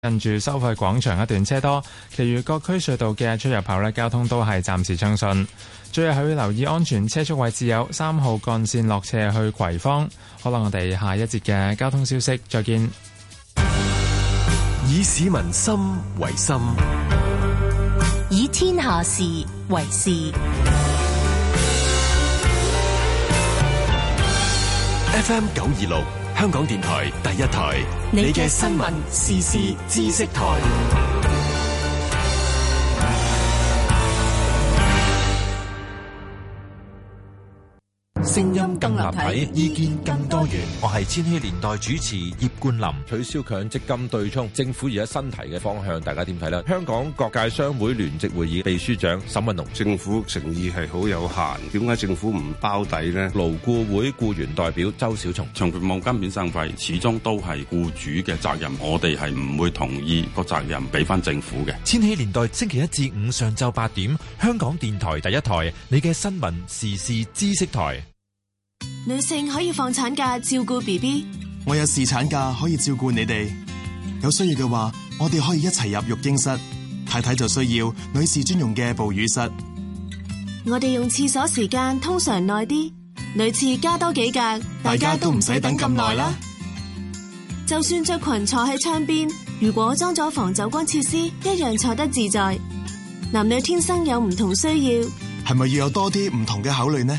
近住收費廣場一段車多，其餘各區隧道嘅出入口咧，交通都係暫時暢順。最後係要留意安全車速位置，有三號幹線落斜去葵芳。好啦，我哋下一節嘅交通消息再見。以市民心為心，以天下事為事。F M 九二六。香港電台第一台，你嘅新聞時事知識台，聲音更立體，意見更多元。我係千禧年代主持葉冠林。取消強積金對沖，政府而家新提嘅方向，大家點睇呢？香港各界商會聯席會議秘書長沈文龍：，政府誠意係好有限，點解政府唔包底呢？勞顧會雇員代表周小松：，長幅望今免生費，始終都係雇主嘅責任。我哋係唔會同意個責任俾翻政府嘅。千禧年代星期一至五上晝八點，香港電台第一台，你嘅新聞時事知識台。女性可以放產假照顧 BB，我有侍產假可以照顧你哋。有需要嘅話，我哋可以一齊入育嬰室。太太就需要女士專用嘅哺乳室。我哋用廁所時間通常耐啲，女廁加多幾格，大家都唔使等咁耐啦。就算着裙坐喺窗邊，如果裝咗防走光設施，一樣坐得自在。男女天生有唔同需要，係咪要有多啲唔同嘅考慮呢？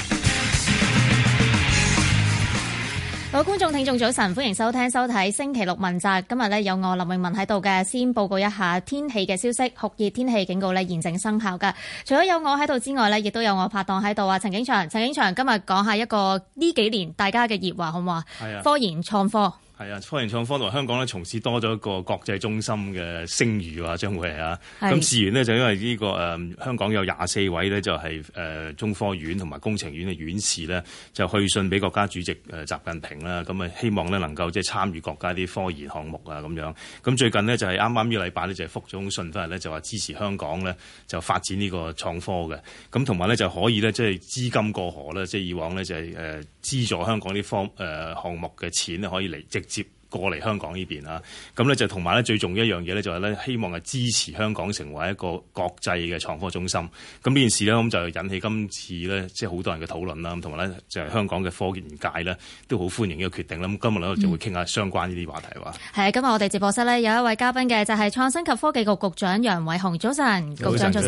各位觀眾、聽眾，早晨，歡迎收聽、收睇《星期六問責》。今日咧有我林詠雯喺度嘅，先報告一下天氣嘅消息。酷熱天氣警告咧現正生效㗎。除咗有我喺度之外咧，亦都有我拍檔喺度啊。陳景祥，陳景祥，陳景祥今日講下一個呢幾年大家嘅熱話，好嘛？係啊的。科研創科。係啊，科研創科同香港咧從事多咗一個國際中心嘅聲譽啊，將會係啊。咁是事緣呢，就因為呢、這個誒、呃、香港有廿四位呢，就係、是、誒、呃、中科院同埋工程院嘅院士呢，就去信俾國家主席誒、呃、習近平啦。咁啊希望呢，能夠即係參與國家啲科研項目啊咁樣。咁、啊、最近呢，就係啱啱呢禮拜呢，就覆、是、咗信翻嚟呢，就話支持香港呢，就發展呢個創科嘅。咁同埋呢，就可以呢，即係資金過河啦。即係以往呢，就係、是、誒、呃、資助香港啲科誒、呃、項目嘅錢呢可以嚟直。接過嚟香港呢邊啦，咁呢就同埋呢最重要的一樣嘢呢，就係呢希望係支持香港成為一個國際嘅創科中心。咁呢件事呢，咁就是引起今次呢，即係好多人嘅討論啦。咁同埋呢，就係香港嘅科研界呢，都好歡迎呢個決定啦。咁今日咧就會傾下相關呢啲話題話。係、嗯、今日我哋直播室呢，有一位嘉賓嘅，就係創新及科技局，局局長楊偉雄。早晨，局長早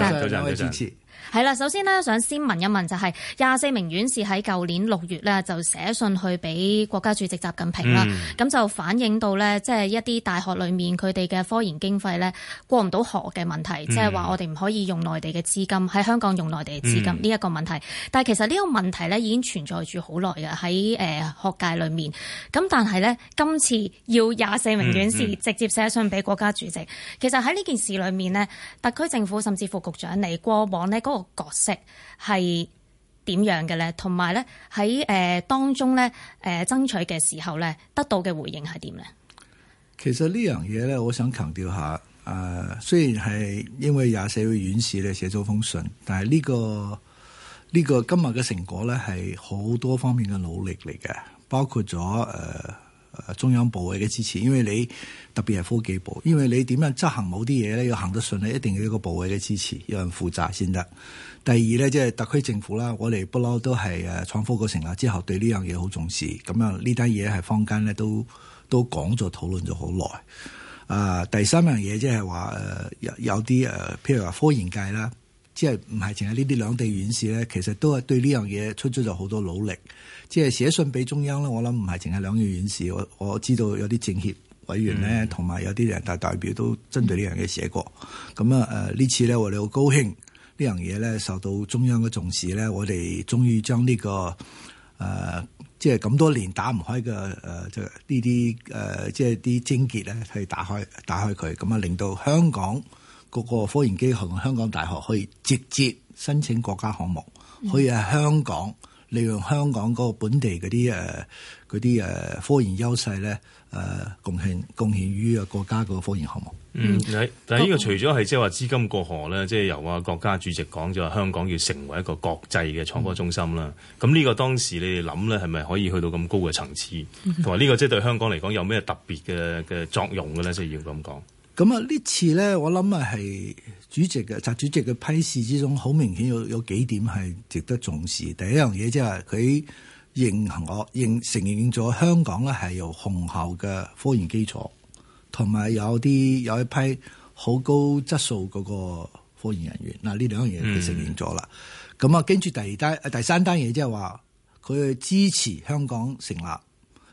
晨。係啦，首先呢，想先問一問、就是，就係廿四名院士喺舊年六月咧就寫信去俾國家主席習近平啦，咁、嗯、就反映到咧即係一啲大學裏面佢哋嘅科研經費咧過唔到河嘅問題，即係話我哋唔可以用內地嘅資金喺香港用內地嘅資金呢一個問題。嗯、但係其實呢個問題咧已經存在住好耐嘅喺學界裏面。咁但係咧今次要廿四名院士直接寫信俾國家主席，嗯嗯、其實喺呢件事裏面呢，特區政府甚至乎局長嚟過往呢。這個角色係點樣嘅咧？同埋咧喺誒當中咧誒爭取嘅時候咧得到嘅回應係點咧？其實呢樣嘢咧，我想強調一下誒、呃，雖然係因為廿四位院士咧寫咗封信，但係、呢、呢個呢、呢個今日嘅成果咧係好多方面嘅努力嚟嘅，包括咗誒。呃中央部委嘅支持，因為你特別係科技部，因為你點樣執行某啲嘢咧，要行得順咧，一定要一個部委嘅支持，有人負責先得。第二咧，即係特區政府啦，我哋不嬲都係誒創科局成立之後對呢樣嘢好重視，咁啊，呢單嘢係坊間咧都都講咗討論咗好耐。啊、呃，第三樣嘢即係話誒有有啲誒、呃、譬如話科研界啦。即係唔係淨係呢啲兩地院士咧，其實都係對呢樣嘢出咗好多努力。即係寫信俾中央咧，我諗唔係淨係兩院院士，我我知道有啲政協委員咧，同埋、嗯、有啲人大代表都針對呢樣嘢寫過。咁啊誒呢次咧，我哋好高興這件事呢樣嘢咧受到中央嘅重視咧，我哋終於將呢、呢個誒、呃、即係咁多年打唔開嘅誒即係呢啲誒即係啲症結咧去打開打開佢，咁啊令到香港，個個科研機構，香港大學可以直接申請國家項目，可以喺香港利用香港嗰個本地嗰啲誒嗰啲誒科研優勢咧誒，貢獻貢獻於啊國家個科研項目。嗯，但係呢個除咗係即係話資金過河咧，即係、嗯、由啊國家主席講就話香港要成為一個國際嘅創科中心啦。咁呢、嗯、個當時你哋諗咧係咪可以去到咁高嘅層次？同埋呢個即係對香港嚟講有咩特別嘅嘅作用嘅咧？即係要咁講。咁啊！次呢次咧，我諗啊，係主席嘅習主席嘅批示之中，好明顯有有幾點係值得重視。第一樣嘢即係佢認同我認承認咗香港咧係有雄厚嘅科研基礎，同埋有啲有一批好高質素嗰個科研人員。嗱、嗯，呢兩樣嘢佢承認咗啦。咁啊，跟住第二單第三單嘢即係話佢去支持香港成立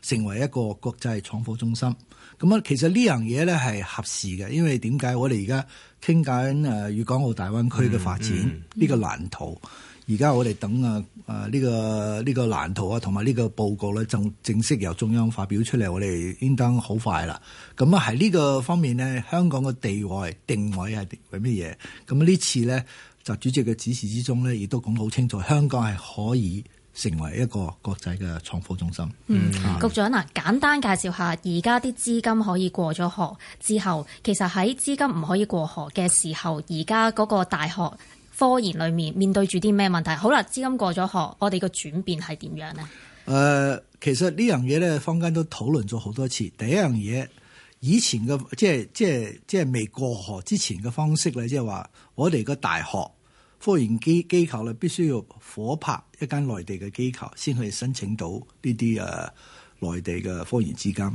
成為一個國際創科中心。咁啊，其實呢樣嘢咧係合時嘅，因為點解我哋而家傾緊誒粵港澳大灣區嘅發展呢、嗯嗯、個藍圖，而家我哋等啊誒呢個呢、這個藍圖啊，同埋呢個報告咧正正式由中央發表出嚟，我哋應當好快啦。咁啊，喺呢個方面咧，香港嘅地位定位係定係乜嘢？咁呢次咧，習主席嘅指示之中咧，亦都講得好清楚，香港係可以。成為一個國際嘅創科中心。嗯，是局長嗱、啊，簡單介紹下而家啲資金可以過咗河之後，其實喺資金唔可以過河嘅時候，而家嗰個大學科研裏面面對住啲咩問題？好啦，資金過咗河，我哋個轉變係點樣呢？誒、呃，其實呢樣嘢咧，坊間都討論咗好多次。第一樣嘢，以前嘅即係即係即係未過河之前嘅方式咧，即係話我哋個大學。科研機機構咧，必須要夥拍一間內地嘅機構，先可以申請到呢啲誒內地嘅科研資金。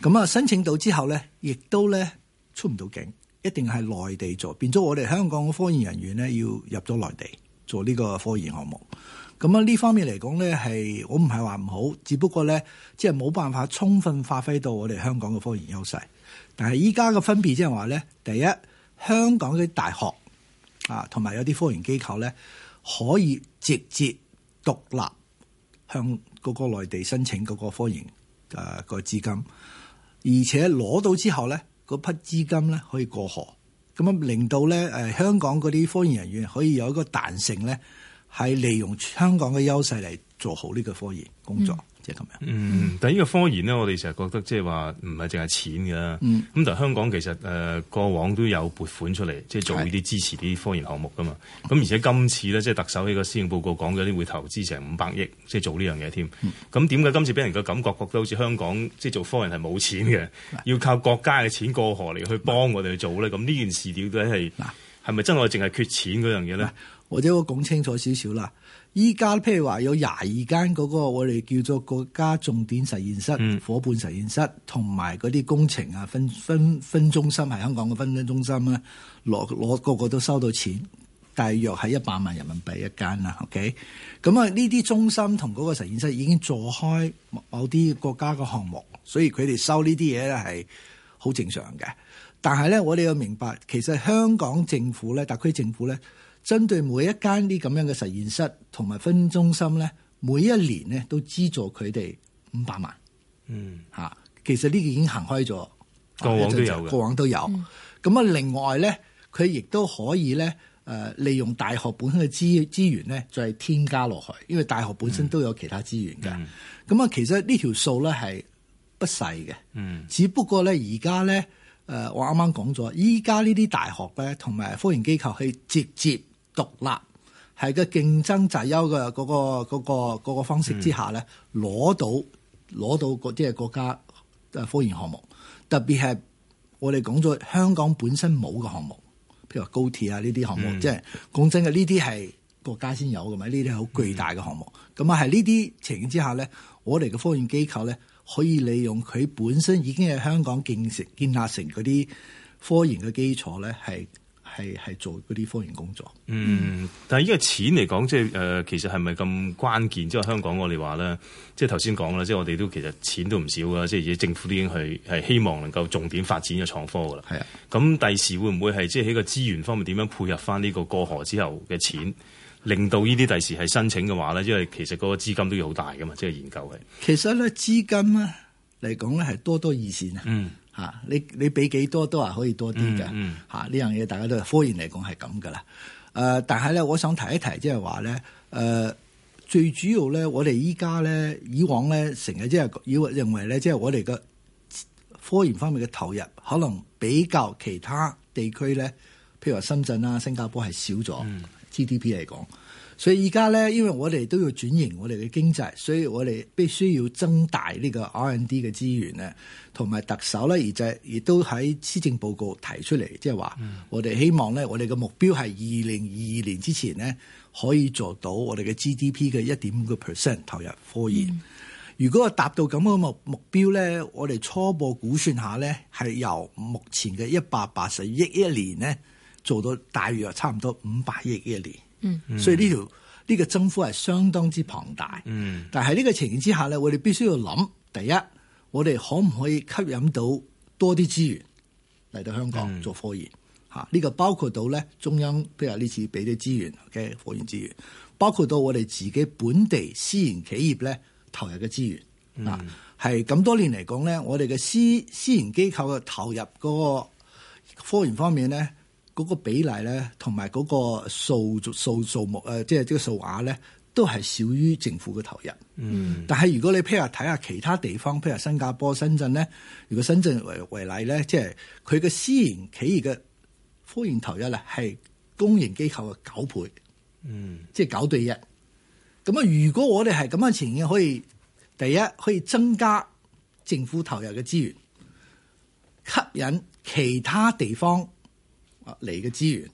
咁啊，申請到之後咧，亦都咧出唔到境，一定係內地做，變咗我哋香港嘅科研人員咧要入咗內地做呢個科研項目。咁啊，呢方面嚟講咧，係我唔係話唔好，只不過咧即係冇辦法充分發揮到我哋香港嘅科研優勢。但係依家嘅分別即係話咧，第一香港嘅大學。啊，同埋有啲科研機構咧，可以直接獨立向嗰個內地申請嗰個科研誒個資金，而且攞到之後咧，嗰批資金咧可以過河，咁樣令到咧誒香港嗰啲科研人員可以有一個彈性咧，係利用香港嘅優勢嚟做好呢個科研工作。嗯即係咁樣。嗯，但係呢個科研咧，我哋成日覺得即係話唔係淨係錢噶。啦咁、嗯、但係香港其實誒、呃、過往都有撥款出嚟，即、就、係、是、做呢啲支持啲科研項目噶嘛。咁是、嗯、而且今次咧，即、就、係、是、特首呢個施政報告講嘅，啲會投資成五百億，即、就、係、是、做呢樣嘢添。咁點解今次俾人嘅感覺覺得好似香港即係、就是、做科研係冇錢嘅，是要靠國家嘅錢過河嚟去幫我哋去做咧？咁呢是件事到底係係咪真係淨係缺錢嗰樣嘢咧？或者我講清楚少少啦。依家譬如話有廿二間嗰個我哋叫做國家重點實驗室、伙伴、嗯、實驗室同埋嗰啲工程啊分分分中心係香港嘅分分中心啦，攞攞個個都收到錢，大約係一百萬人民幣一間啦。OK，咁啊呢啲中心同嗰個實驗室已經做開某啲國家嘅項目，所以佢哋收呢啲嘢咧係好正常嘅。但係咧我哋要明白，其實香港政府咧特區政府咧。針對每一間啲咁樣嘅實驗室同埋分中心咧，每一年咧都資助佢哋五百萬。嗯，嚇，其實呢個已經行開咗，過往都有嘅，過往都有。咁啊、嗯，另外咧，佢亦都可以咧，誒，利用大學本身嘅資資源咧，再添加落去，因為大學本身都有其他資源嘅。咁啊，其實呢條數咧係不細嘅。嗯，不嗯只不過咧，而家咧，誒，我啱啱講咗，依家呢啲大學咧，同埋科研機構去直接。.獨立係個競爭擲優嘅嗰個方式之下咧，攞、嗯、到攞到嗰啲嘅國家科研項目，特別係我哋講咗香港本身冇嘅項目，譬如話高鐵啊呢啲項目，嗯、即係講真嘅呢啲係國家先有嘅嘛，呢啲係好巨大嘅項目。咁啊，喺呢啲情況之下咧，我哋嘅科研機構咧，可以利用佢本身已經係香港建成建立成嗰啲科研嘅基礎咧係。係係做嗰啲科研工作、嗯。嗯，但係依個錢嚟講，即係誒，其實係咪咁關鍵？即係香港我哋話咧，即係頭先講啦，即係我哋都其實錢都唔少噶，即係政府都已經係係希望能夠重點發展嘅創科噶啦。係啊，咁第時會唔會係即係喺個資源方面點樣配合翻呢個過河之後嘅錢，令到呢啲第時係申請嘅話咧？因為其實嗰個資金都要好大噶嘛，即係研究係。其實咧資金咧嚟講咧係多多益善啊。嗯。嚇、啊！你你俾幾多都話可以多啲嘅嚇，呢樣嘢大家都係科研嚟講係咁噶啦。誒、呃，但係咧，我想提一提就是說，即係話咧，誒，最主要咧，我哋依家咧，以往咧，成日即係要認為咧，即、就、係、是、我哋嘅科研方面嘅投入，可能比較其他地區咧，譬如話深圳啦、啊、新加坡係少咗、嗯、GDP 嚟講。所以而家咧，因為我哋都要轉型我哋嘅經濟，所以我哋必須要增大呢個 R&D 嘅資源咧，同埋特首咧，而就亦都喺施政報告提出嚟，即係話我哋希望咧，我哋嘅目標係二零二二年之前咧，可以做到我哋嘅 GDP 嘅一點五個 percent 投入科研。如果我達到咁嘅目目標咧，我哋初步估算下咧，係由目前嘅一百八十億一年咧，做到大約差唔多五百億一年。嗯、所以呢條呢、呢個增幅係相當之龐大，嗯、但係呢個情形之下咧，我哋必須要諗，第一，我哋可唔可以吸引到多啲資源嚟到香港做科研？嚇、嗯，呢、啊呢個包括到咧中央譬如話呢次俾啲資源嘅，okay? 科研資源，包括到我哋自己本地私營企業咧投入嘅資源，嗱係咁多年嚟講咧，我哋嘅私私營機構嘅投入嗰個科研方面咧。嗰個比例咧，同埋嗰個數數，數，數目誒，即係即個數額咧，都係少於政府嘅投入。嗯，但係如果你譬如話睇下其他地方，譬如話新加坡、深圳咧，如果深圳為為例咧，即係佢嘅私營企業嘅科研投入咧，係公營機構嘅九倍，嗯，即係九對一。咁啊，如果我哋係咁樣情形，可以第一可以增加政府投入嘅資源，吸引其他地方。嚟嘅資源，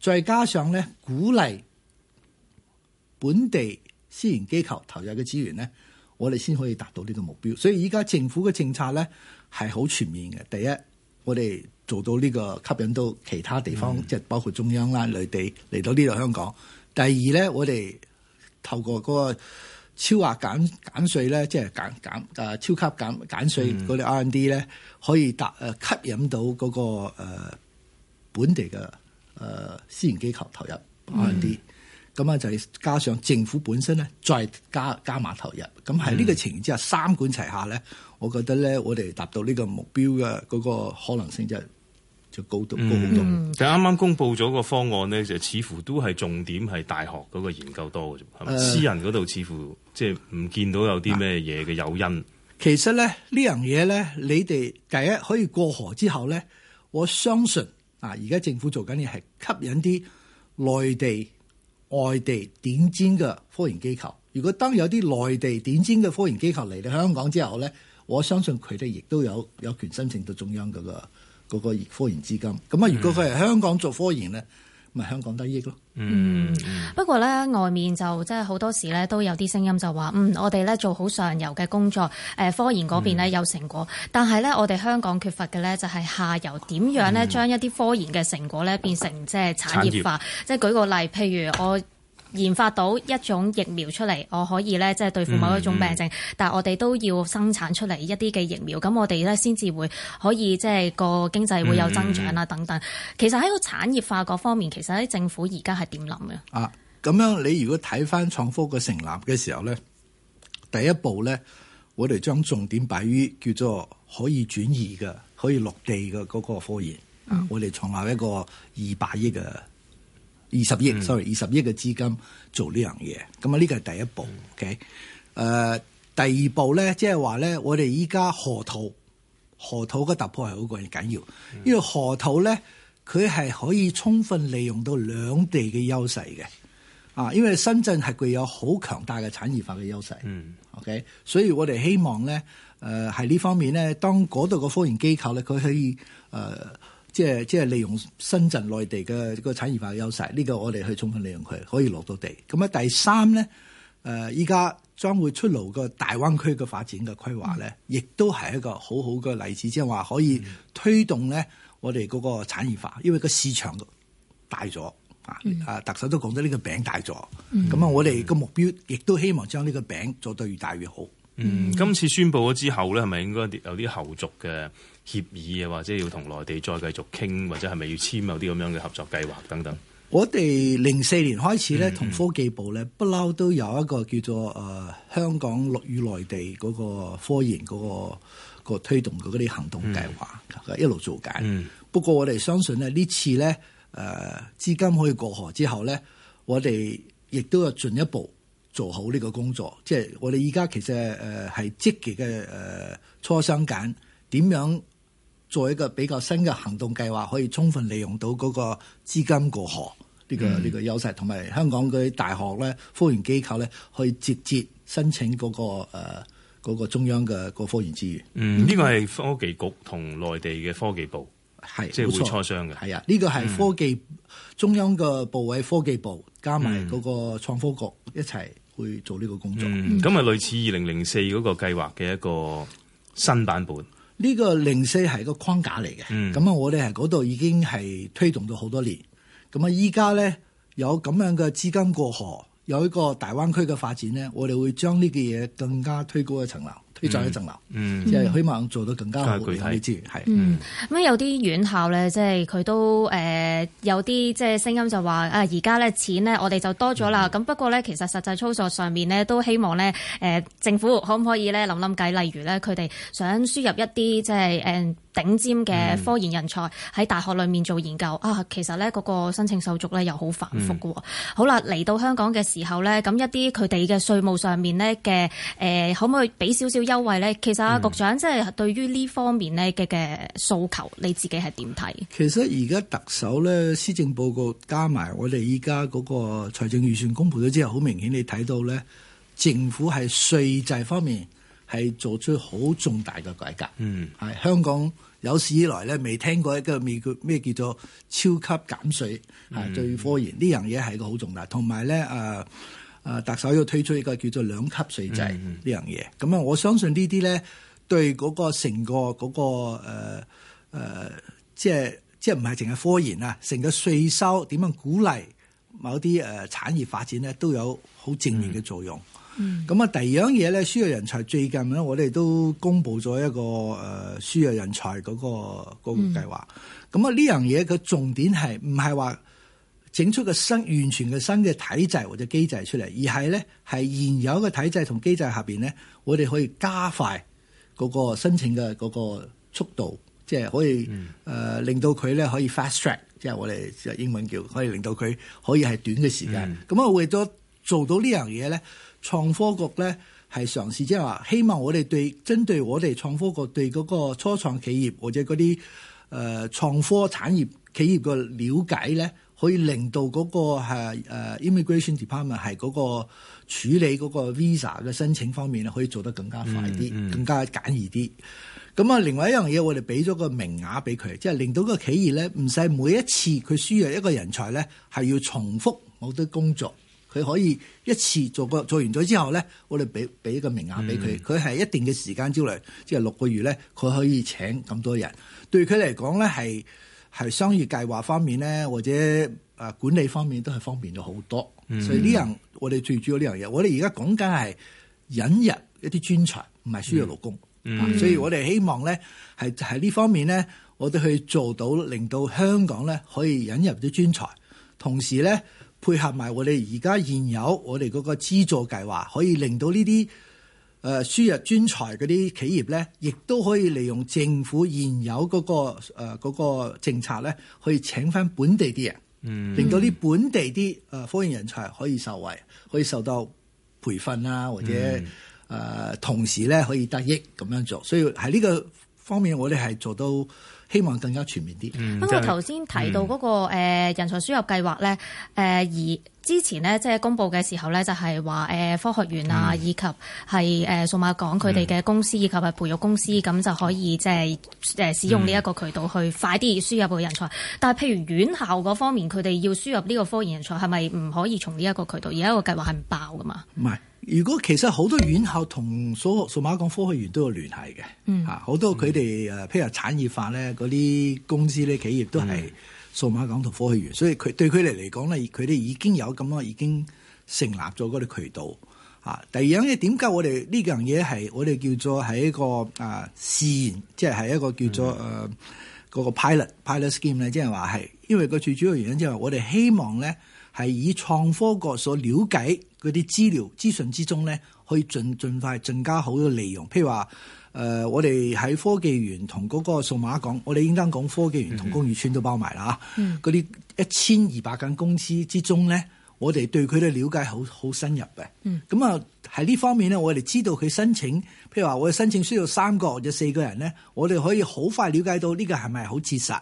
再加上咧鼓勵本地私人機構投入嘅資源咧，我哋先可以達到呢個目標。所以依家政府嘅政策咧係好全面嘅。第一，我哋做到呢、這個吸引到其他地方，嗯、即係包括中央啦、內地嚟到呢度香港。第二咧，我哋透過嗰個超額減減稅咧，即係減減誒、呃、超級減減稅嗰啲 R&D 咧，呢嗯、可以達誒、呃、吸引到嗰、那個、呃本地嘅誒私營機構投入啲咁啊，就係、嗯、加上政府本身咧，再加加碼投入咁，喺呢個情形之下，嗯、三管齊下咧，我覺得咧，我哋達到呢個目標嘅嗰個可能性就就高多高好多。但啱啱公布咗個方案咧，就似乎都係重點係大學嗰個研究多嘅啫，係咪嗯、私人嗰度似乎即係唔見到有啲咩嘢嘅誘因。啊、其實咧呢樣嘢咧，你哋第一可以過河之後咧，我相信。啊！而家政府做緊嘅係吸引啲內地、外地頂尖嘅科研機構。如果當有啲內地頂尖嘅科研機構嚟到香港之後咧，我相信佢哋亦都有有權申請到中央嗰個嗰個科研資金。咁啊，如果佢喺香港做科研咧，咪、嗯、香港得益咯。嗯，不過呢，外面就即係好多時呢都有啲聲音就話，嗯，我哋呢做好上游嘅工作，誒、呃，科研嗰邊呢有成果，嗯、但係呢，我哋香港缺乏嘅呢就係、是、下游點樣呢將一啲科研嘅成果呢變成即係、就是、產業化，業即係舉個例，譬如我，研發到一種疫苗出嚟，我可以呢即係對付某一種病症，嗯、但係我哋都要生產出嚟一啲嘅疫苗，咁我哋呢先至會可以即係個經濟會有增長啦等等。嗯、其實喺個產業化嗰方面，其實喺政府而家係點諗嘅？啊，咁樣你如果睇翻創科嘅成立嘅時候呢，第一步呢，我哋將重點擺於叫做可以轉移嘅、可以落地嘅嗰個科研。嗯，我哋創立一個二百億嘅二十億，sorry，二十億嘅資金做呢樣嘢。咁啊呢個係第一步，OK，誒、呃、第二步咧，即係話咧，我哋依家河套河套嘅突破係好過緊要，因為河套咧，佢係可以充分利用到兩地嘅優勢嘅，啊，因為深圳係具有好強大嘅產業化嘅優勢，OK，所以我哋希望咧，誒喺呢方面咧，當嗰度嘅科研機構咧，佢可以誒。呃即係即係利用深圳內地嘅個產業化嘅優勢，呢、這個我哋去充分利用佢，可以落到地。咁啊，第三咧，誒依家將會出爐個大灣區嘅發展嘅規劃咧，亦都係一個很好好嘅例子，即係話可以推動咧我哋嗰個產業化，因為個市場大咗啊！啊、嗯，特首都講咗呢個餅大咗，咁啊、嗯，我哋個目標亦都希望將呢個餅做得越大越好。嗯，嗯今次宣布咗之後咧，係咪應該有啲後續嘅？協議啊，或者要同內地再繼續傾，或者係咪要簽有啲咁樣嘅合作計劃等等。我哋零四年開始咧，同科技部咧不嬲都有一個叫做誒、呃、香港落與內地嗰個科研嗰、嗰個嗰個推動嗰啲行動計劃，嗯、一路做緊。嗯、不過我哋相信咧，呢次呢，誒資金可以過河之後呢，我哋亦都要進一步做好呢個工作。即、就、係、係、我哋而家其實誒係積極嘅誒磋商緊點樣做一個比較新嘅行動計劃，可以充分利用到嗰個資金過河呢個呢個優勢，同埋香港嘅大學咧、科研機構咧，去直接申請嗰個誒嗰個中央嘅個科研資源。嗯，呢個係科技局同內地嘅科技部，即係係會磋商嘅。係啊，呢個係科技、嗯、中央嘅部委科技部加埋嗰個創科局一齊去做呢個工作。嗯，咁啊，類似二零零四嗰個計劃嘅一個新版本。呢個零四係個框架嚟嘅，咁啊、嗯、我哋喺嗰度已經係推動咗好多年，咁啊依家咧有咁樣嘅資金過河，有一個大灣區嘅發展咧，我哋會將呢個嘢更加推高一層樓。要再一層樓，即係希望做到更加好。具體你知，係。嗯，咁有啲院校咧，即係佢都誒、呃、有啲即係聲音就話，啊而家咧錢咧我哋就多咗啦。咁、嗯、不過咧，其實實際操作上面咧，都希望咧誒、呃、政府可唔可以咧諗諗計，例如咧佢哋想輸入一啲即係誒。就是呃頂尖嘅科研人才喺大學裏面做研究、嗯、啊，其實呢嗰個申請手續呢又好繁複嘅喎。嗯、好啦，嚟到香港嘅時候呢，咁一啲佢哋嘅稅務上面呢嘅誒，可唔可以俾少少優惠呢？其實啊，嗯、局長即係對於呢方面呢嘅嘅訴求，你自己係點睇？其實而家特首呢施政報告加埋我哋依家嗰個財政預算公佈咗之後，好明顯你睇到呢政府係稅制方面係做出好重大嘅改革。嗯，係香港。有史以來咧，未聽過一個咩叫咩叫做超級減稅係對科研呢樣嘢係一個好重大，同埋咧誒誒特首要推出一個叫做兩級稅制呢、嗯嗯、樣嘢，咁啊我相信呢啲咧對嗰個成個嗰、個誒、呃呃、即係即係唔係淨係科研啊，成個稅收點樣鼓勵某啲誒產業發展咧都有好正面嘅作用。嗯嗯咁啊，嗯、第二樣嘢咧，輸入人才最近咧，我哋都公布咗一個誒、呃、輸入人才嗰、那個計劃。咁、那、啊、個，呢、嗯、樣嘢佢重點係唔係話整出個新完全嘅新嘅體制或者機制出嚟，而係咧係現有嘅體制同機制下邊呢，我哋可以加快嗰個申請嘅嗰個速度，即、就、係、是、可以誒、嗯呃、令到佢咧可以 fast track，即係我哋英文叫可以令到佢可以係短嘅時間。咁啊、嗯，為咗做到呢樣嘢咧。創科局咧係嘗試即係話，就是、希望我哋對針對我哋創科局對嗰個初創企業或者嗰啲誒創科產業企業個了解咧，可以令到嗰個係、呃、Immigration Department 係嗰個處理嗰個 Visa 嘅申請方面咧，可以做得更加快啲，嗯嗯、更加簡易啲。咁啊，另外一樣嘢，我哋俾咗個名額俾佢，即係令到個企業咧唔使每一次佢輸入一個人才咧，係要重複某啲工作。佢可以一次做個做完咗之後咧，我哋俾俾一個名額俾佢，佢係、嗯、一定嘅時間招來，即係六個月咧，佢可以請咁多人。對佢嚟講咧，係係商業計劃方面咧，或者、啊、管理方面都係方便咗好多。嗯、所以呢樣我哋最主要呢樣嘢，我哋而家講緊係引入一啲專才，唔係輸入勞工。嗯嗯、所以我哋希望咧，係喺呢方面咧，我哋去做到，令到香港咧可以引入啲專才，同時咧。配合埋我哋而家現有我哋嗰個資助計劃，可以令到呢啲誒輸入專才嗰啲企業咧，亦都可以利用政府現有嗰個誒嗰個政策咧，可以請翻本地啲人，嗯、令到啲本地啲誒科研人才可以受惠，可以受到培訓啊或者誒同時咧可以得益咁樣做，所以喺呢個方面我哋係做到。希望更加全面啲。不過頭先提到嗰個人才輸入計劃咧，誒、嗯、而之前咧即係公布嘅時候咧，就係話誒科學園啊，嗯、以及係誒數碼港佢哋嘅公司以及培育公司，咁、嗯、就可以即係誒使用呢一個渠道去快啲輸入嘅人才。嗯、但係譬如院校嗰方面，佢哋要輸入呢個科研人才，係咪唔可以從呢一個渠道？而家個計劃係唔爆噶嘛？唔係。如果其實好多院校同數數碼港科學園都有聯繫嘅，好、嗯、多佢哋譬如產業化咧，嗰啲公司咧，嗯、企業都係數碼港同科學園，所以佢對佢哋嚟講咧，佢哋已經有咁多已經成立咗嗰啲渠道。啊、第二樣嘢，點解我哋呢樣嘢係我哋叫做係一個啊試驗，即係係一個叫做誒嗰、嗯呃嗰個 pilot pilot scheme 咧，即係話係，因為個最主要原因即係我哋希望咧。係以創科局所了解嗰啲資料資訊之中咧，可以盡盡快更加好多利用。譬如話，誒、呃，我哋喺科技園同嗰個數碼港，我哋應該講科技園同工業村都包埋啦嚇。嗰啲一千二百間公司之中咧。我哋對佢哋了解好好深入嘅，咁啊喺呢方面咧，我哋知道佢申請，譬如話我哋申請需要三個或者四個人咧，我哋可以好快了解到呢個係咪好切實，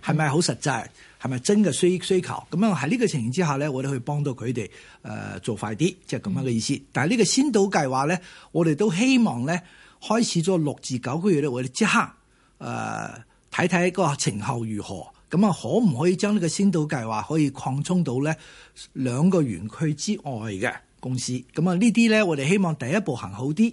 係咪好實際，係咪、嗯、真嘅需需求，咁樣喺呢個情形之下咧，我哋去幫到佢哋誒做快啲，即係咁樣嘅意思。嗯、但係呢個先導計劃咧，我哋都希望咧開始咗六至九個月咧，我哋即刻誒睇睇個成效如何。咁啊，可唔可以將呢個先導計劃可以擴充到呢兩個園區之外嘅公司？咁啊，呢啲呢，我哋希望第一步行好啲，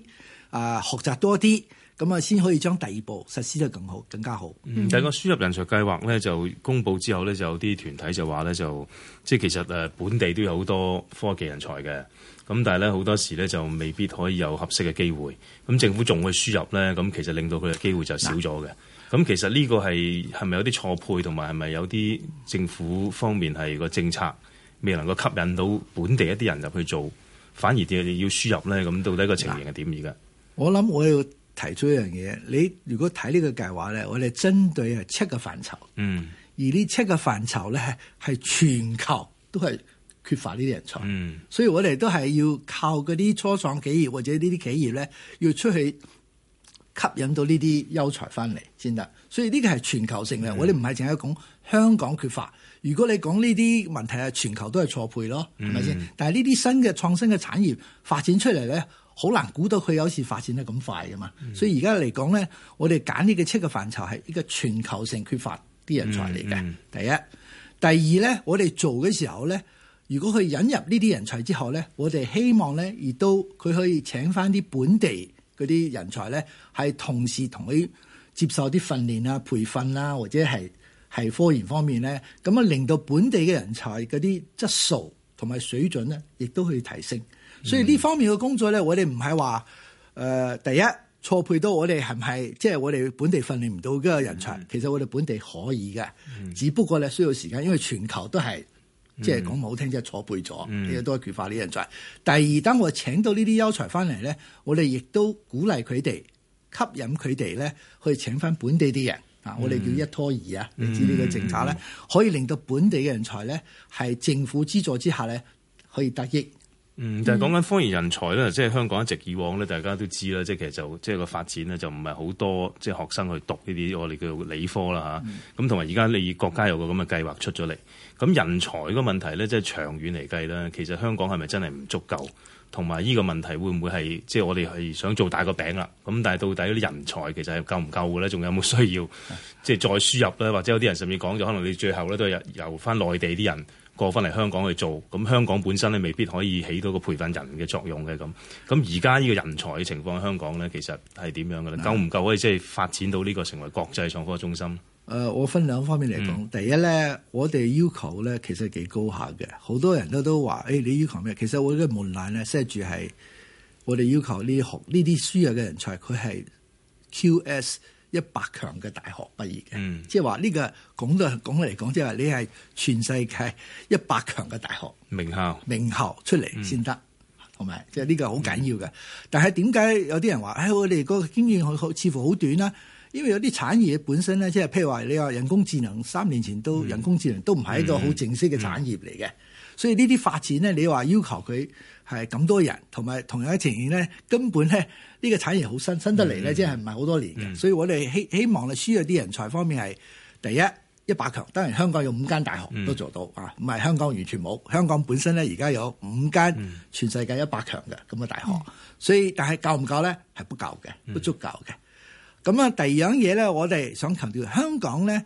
啊，學習多啲，咁啊，先可以將第二步實施得更好、更加好。嗯、第二個輸入人才計劃呢，就公佈之後呢，就有啲團體就話呢，就即係其實誒本地都有好多科技人才嘅，咁但係呢，好多時呢，就未必可以有合適嘅機會。咁政府仲會輸入呢，咁其實令到佢嘅機會就少咗嘅。啊咁其實呢個係係咪有啲錯配，同埋係咪有啲政府方面係個政策未能夠吸引到本地一啲人入去做，反而要要輸入咧？咁到底個情形係點而家？我諗我要提出一樣嘢，你如果睇呢個計劃咧，我哋針對係七個範疇，嗯，而呢七個範疇咧係全球都係缺乏呢啲人才，嗯，所以我哋都係要靠嗰啲初創企業或者呢啲企業咧要出去。吸引到呢啲優才翻嚟先得，所以呢個係全球性嘅。的我哋唔係淨係講香港缺乏。如果你講呢啲問題啊，全球都係錯配咯，係咪先？的但係呢啲新嘅創新嘅產業發展出嚟咧，好難估到佢有時發展得咁快㗎嘛。的所以而家嚟講咧，我哋揀呢個車嘅範疇係一個全球性缺乏啲人才嚟嘅。的第一、第二咧，我哋做嘅時候咧，如果佢引入呢啲人才之後咧，我哋希望咧亦都佢可以請翻啲本地。嗰啲人才咧，係同時同佢接受啲訓練啊、培訓啊，或者係係科研方面咧，咁啊令到本地嘅人才嗰啲質素同埋水準咧，亦都可以提升。嗯、所以呢方面嘅工作咧，我哋唔係話誒第一錯配到我哋係唔係即係我哋本地訓練唔到嘅人才，嗯、其實我哋本地可以嘅，嗯、只不過咧需要時間，因為全球都係。嗯、即係講唔好聽，即係坐背咗，呢亦都係缺乏呢人才。嗯、第二，等我請到呢啲優才翻嚟咧，我哋亦都鼓勵佢哋，吸引佢哋咧去請翻本地啲人啊！我哋叫一拖二啊，嗯、你知呢個政策咧，可以令到本地嘅人才咧喺政府資助之下咧可以得益。嗯，就係講緊科研人才咧，嗯、即係香港一直以往咧，大家都知啦，即係其實就即係個發展咧，就唔係好多即係學生去讀呢啲我哋叫做理科啦嚇。咁同埋而家你國家有個咁嘅計劃出咗嚟，咁人才嘅問題咧，即係長遠嚟計啦，其實香港係咪真係唔足夠？同埋依個問題會唔會係即係我哋係想做大個餅啦？咁但係到底啲人才其實係夠唔夠嘅咧？仲有冇需要即係再輸入咧？或者有啲人甚至講咗，可能你最後咧都係由返內地啲人，過翻嚟香港去做，咁香港本身咧未必可以起到個培訓人嘅作用嘅咁。咁而家呢個人才嘅情況，香港咧其實係點樣嘅咧？夠唔夠可以即係發展到呢個成為國際創科中心？誒、呃，我分兩方面嚟講。嗯、第一咧，我哋要求咧其實係幾高下嘅，好多人都都話，誒、欸，你要求咩？其實我嘅門檻咧 set 住係我哋要求呢學呢啲輸入嘅人才，佢係 QS。一百強嘅大學畢業嘅，即係話呢個講到講嚟講，即係話你係全世界一百強嘅大學名校，名校出嚟先得，同埋即係呢個好緊要嘅。嗯、但係點解有啲人話，誒、我哋個經驗好似乎好短呢？因為有啲產業本身咧，即係譬如話你話人工智能，三年前都、嗯、人工智能都唔係一個好正式嘅產業嚟嘅，嗯、所以呢啲發展咧，你話要求佢。係咁多人，同埋同樣嘅情形呢，根本呢，呢、呢個產業好新，新得嚟呢，即係唔係好多年嘅。嗯、所以我哋希希望你輸入啲人才方面係第一一百強，當然香港有五間大學都做到、嗯、啊，唔係香港完全冇香港本身呢，而家有五間全世界一百強嘅咁嘅大學，嗯、所以但係夠唔夠呢？係唔夠嘅，唔足夠嘅。咁啊、嗯，第二樣嘢呢，我哋想強調香港呢。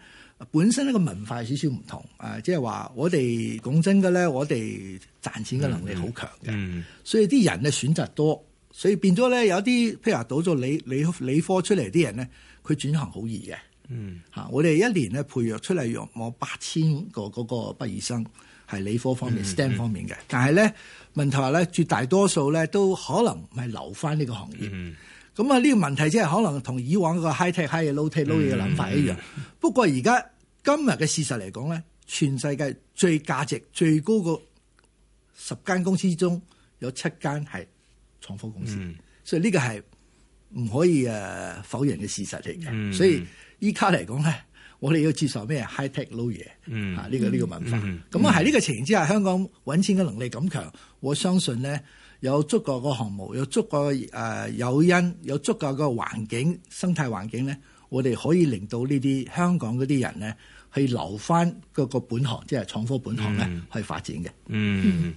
本身呢個文化少少唔同，啊，即係話我哋講真嘅咧，我哋賺錢嘅能力好強嘅，mm hmm. 所以啲人咧選擇多，所以變咗咧有啲譬如話讀咗理理理科出嚟啲人咧，佢轉行好易嘅，mm hmm. 我哋一年咧培育出嚟用我八千個嗰個畢業生係理科方面、mm hmm. STEM 方面嘅，但係咧問題話咧絕大多數咧都可能係留翻呢個行業。Mm hmm. 咁啊，呢個問題即係可能同以往個 high tech high tech, low tech low 嘢嘅諗法一樣。Mm hmm. 不過而家今日嘅事實嚟講咧，全世界最價值最高個十間公司之中，有七間係創科公司，mm hmm. 所以呢個係唔可以、啊、否認嘅事實嚟嘅。Mm hmm. 所以依家嚟講咧，我哋要接受咩 high tech low 嘢、mm，呢、hmm. 啊這個呢、這個文化。咁啊、mm，喺、hmm. 呢個情形之下，mm hmm. 香港揾錢嘅能力咁強，我相信咧。有足夠個項目，有足夠誒誘因，有足夠個環境生態環境咧，我哋可以令到呢啲香港嗰啲人呢去留翻個個本行，即係創科本行咧去發展嘅。嗯。嗯。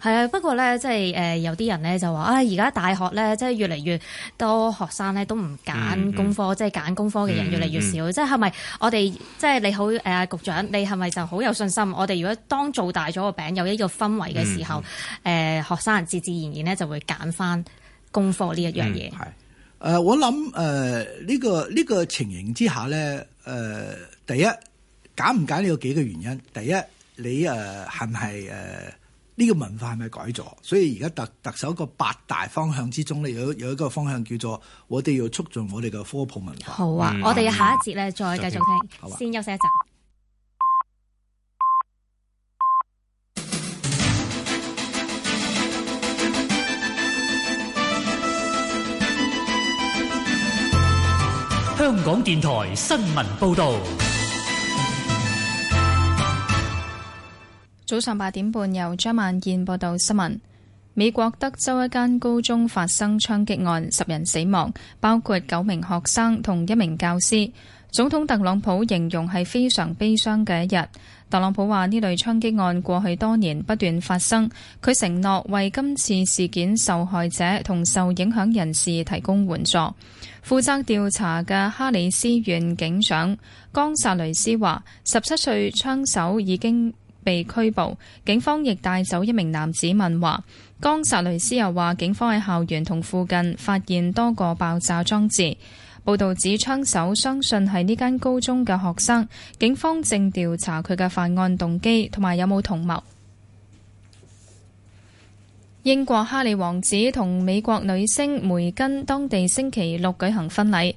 係啊，不過咧、呃啊，即係誒，有啲人咧就話啊，而家大學咧，即係越嚟越多學生咧，都唔揀工科，即係揀工科嘅人越嚟越少。嗯嗯、即係係咪我哋即係你好誒、呃，局長，你係咪就好有信心？我哋如果當做大咗個餅，有一個氛圍嘅時候，誒、嗯嗯呃，學生自自然然咧就會揀翻工科呢一樣嘢。係誒、嗯呃，我諗誒呢個呢、這個情形之下咧，誒、呃，第一揀唔揀有幾個原因。第一，你誒係唔係誒？呃是呢個文化係咪改咗？所以而家特特首個八大方向之中咧，有有一個方向叫做我哋要促進我哋嘅科普文化。好啊，嗯、我哋下一節咧、嗯、再繼續聽，先休息一陣。香港電台新聞報道。早上八點半，由張萬燕報道新聞。美國德州一間高中發生槍擊案，十人死亡，包括九名學生同一名教師。總統特朗普形容係非常悲傷嘅一日。特朗普話呢類槍擊案過去多年不斷發生，佢承諾為今次事件受害者同受影響人士提供援助。負責調查嘅哈里斯縣警長岡薩雷斯話，十七歲槍手已經。被拘捕，警方亦帶走一名男子問話。岡薩雷斯又話，警方喺校園同附近發現多個爆炸裝置。報道指槍手相信係呢間高中嘅學生，警方正調查佢嘅犯案動機同埋有冇同謀。英國哈利王子同美國女星梅根當地星期六舉行婚禮。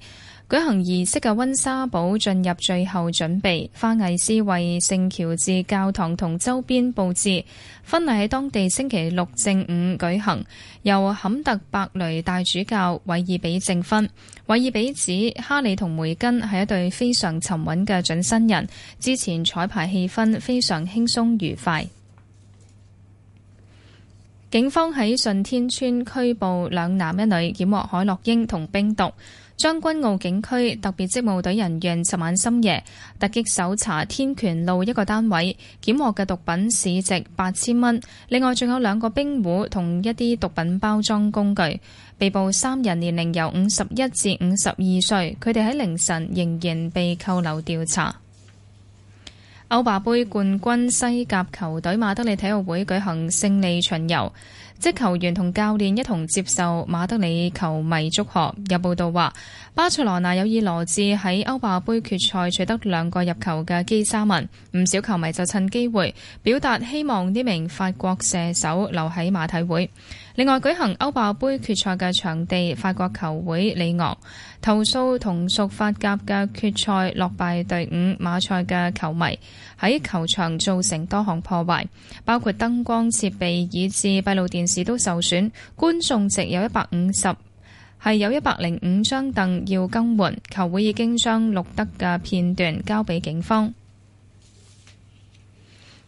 舉行儀式嘅溫莎堡進入最後準備，花藝師為聖喬治教堂同周邊佈置，婚禮喺當地星期六正午舉行，由坎特伯雷大主教韋爾比證婚。韋爾比指哈利同梅根係一對非常沉穩嘅準新人，之前彩排氣氛非常輕鬆愉快。警方喺順天村拘捕兩男一女，檢獲海洛英同冰毒。將軍澳警區特別職務隊人員昨晚深夜突擊搜查天權路一個單位，檢獲嘅毒品市值八千蚊，另外仲有兩個冰壺同一啲毒品包裝工具，被捕三人年齡由五十一至五十二歲，佢哋喺凌晨仍然被扣留調查。歐霸杯冠軍西甲球隊馬德里體育會舉行勝利巡遊，職球員同教練一同接受馬德里球迷祝賀。有報道話，巴塞羅那有意羅致喺歐霸杯決賽取得兩個入球嘅基沙文，唔少球迷就趁機會表達希望呢名法國射手留喺馬體會。另外，舉行歐霸杯決賽嘅場地，法國球會里昂投訴同屬法甲嘅決賽落敗隊伍馬賽嘅球迷喺球場造成多項破壞，包括燈光設備以至閉路電視都受損。觀眾席有一百五十，係有一百零五張凳要更換。球會已經將錄得嘅片段交俾警方。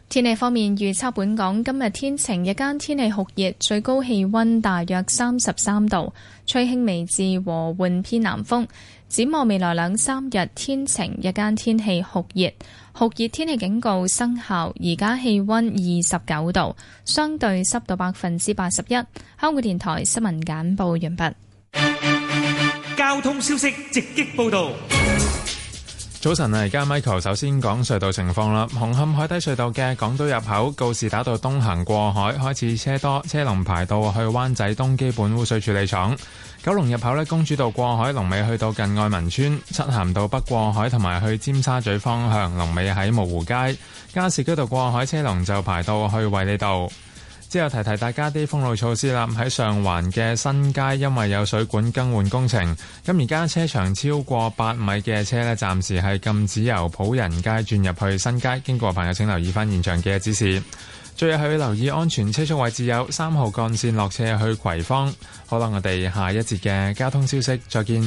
天氣方面，預測本港今日天晴，日間天氣酷熱，最高氣温大約三十三度，吹輕微至和緩偏南風。展望未來兩三日天晴，日間天氣酷熱，酷熱天氣警告生效。而家氣温二十九度，相對濕度百分之八十一。香港電台新聞簡報完畢。交通消息直擊報道。早晨啊，而家 Michael 首先講隧道情況啦。紅磡海底隧道嘅港島入口告士打道東行過海開始車多，車龍排到去灣仔東基本污水處理廠。九龍入口咧，公主道過海龍尾去到近愛民邨，漆咸道北過海同埋去尖沙咀方向龍尾喺蕪湖街。加士居道過海車龍就排到去衛理道。之後提提大家啲封路措施啦，喺上環嘅新街，因為有水管更換工程，咁而家車長超過八米嘅車呢，暫時係禁止由普仁街轉入去新街。經過朋友請留意翻現場嘅指示。最後係要留意安全車速位置，有三號幹線落車去葵芳。好啦，我哋下一節嘅交通消息再見。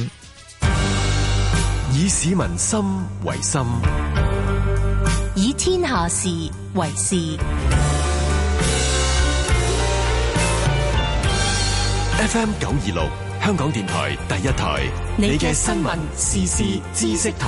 以市民心為心，以天下事為事。FM 九二六，香港電台第一台，你嘅新聞、時事、知識台。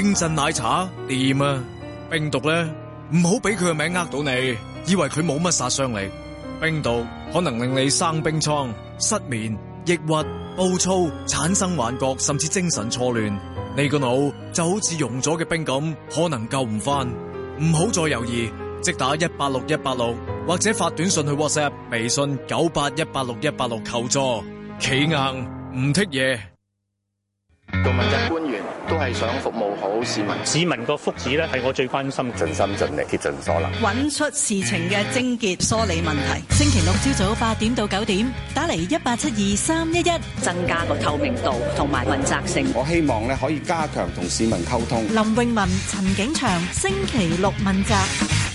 冰鎮奶茶掂啊！冰毒呢，唔好俾佢個名呃到你，以為佢冇乜殺傷力。冰毒可能令你生冰瘡、失眠、抑鬱、暴躁、產生幻覺，甚至精神錯亂。你個腦就好似融咗嘅冰咁，可能救唔返。唔好再猶豫，即打一八六一八六，或者發短信去 WhatsApp、微信九八一八六一八六求助。企硬唔剔嘢。官員。都係想服務好市民，市民個福祉咧係我最關心，盡心盡力竭盡所能，揾出事情嘅症結，梳理問題。星期六朝早八點到九點，打嚟一八七二三一一，增加個透明度同埋問責性。我希望咧可以加強同市民溝通。林詠雯、陳景祥，星期六問責。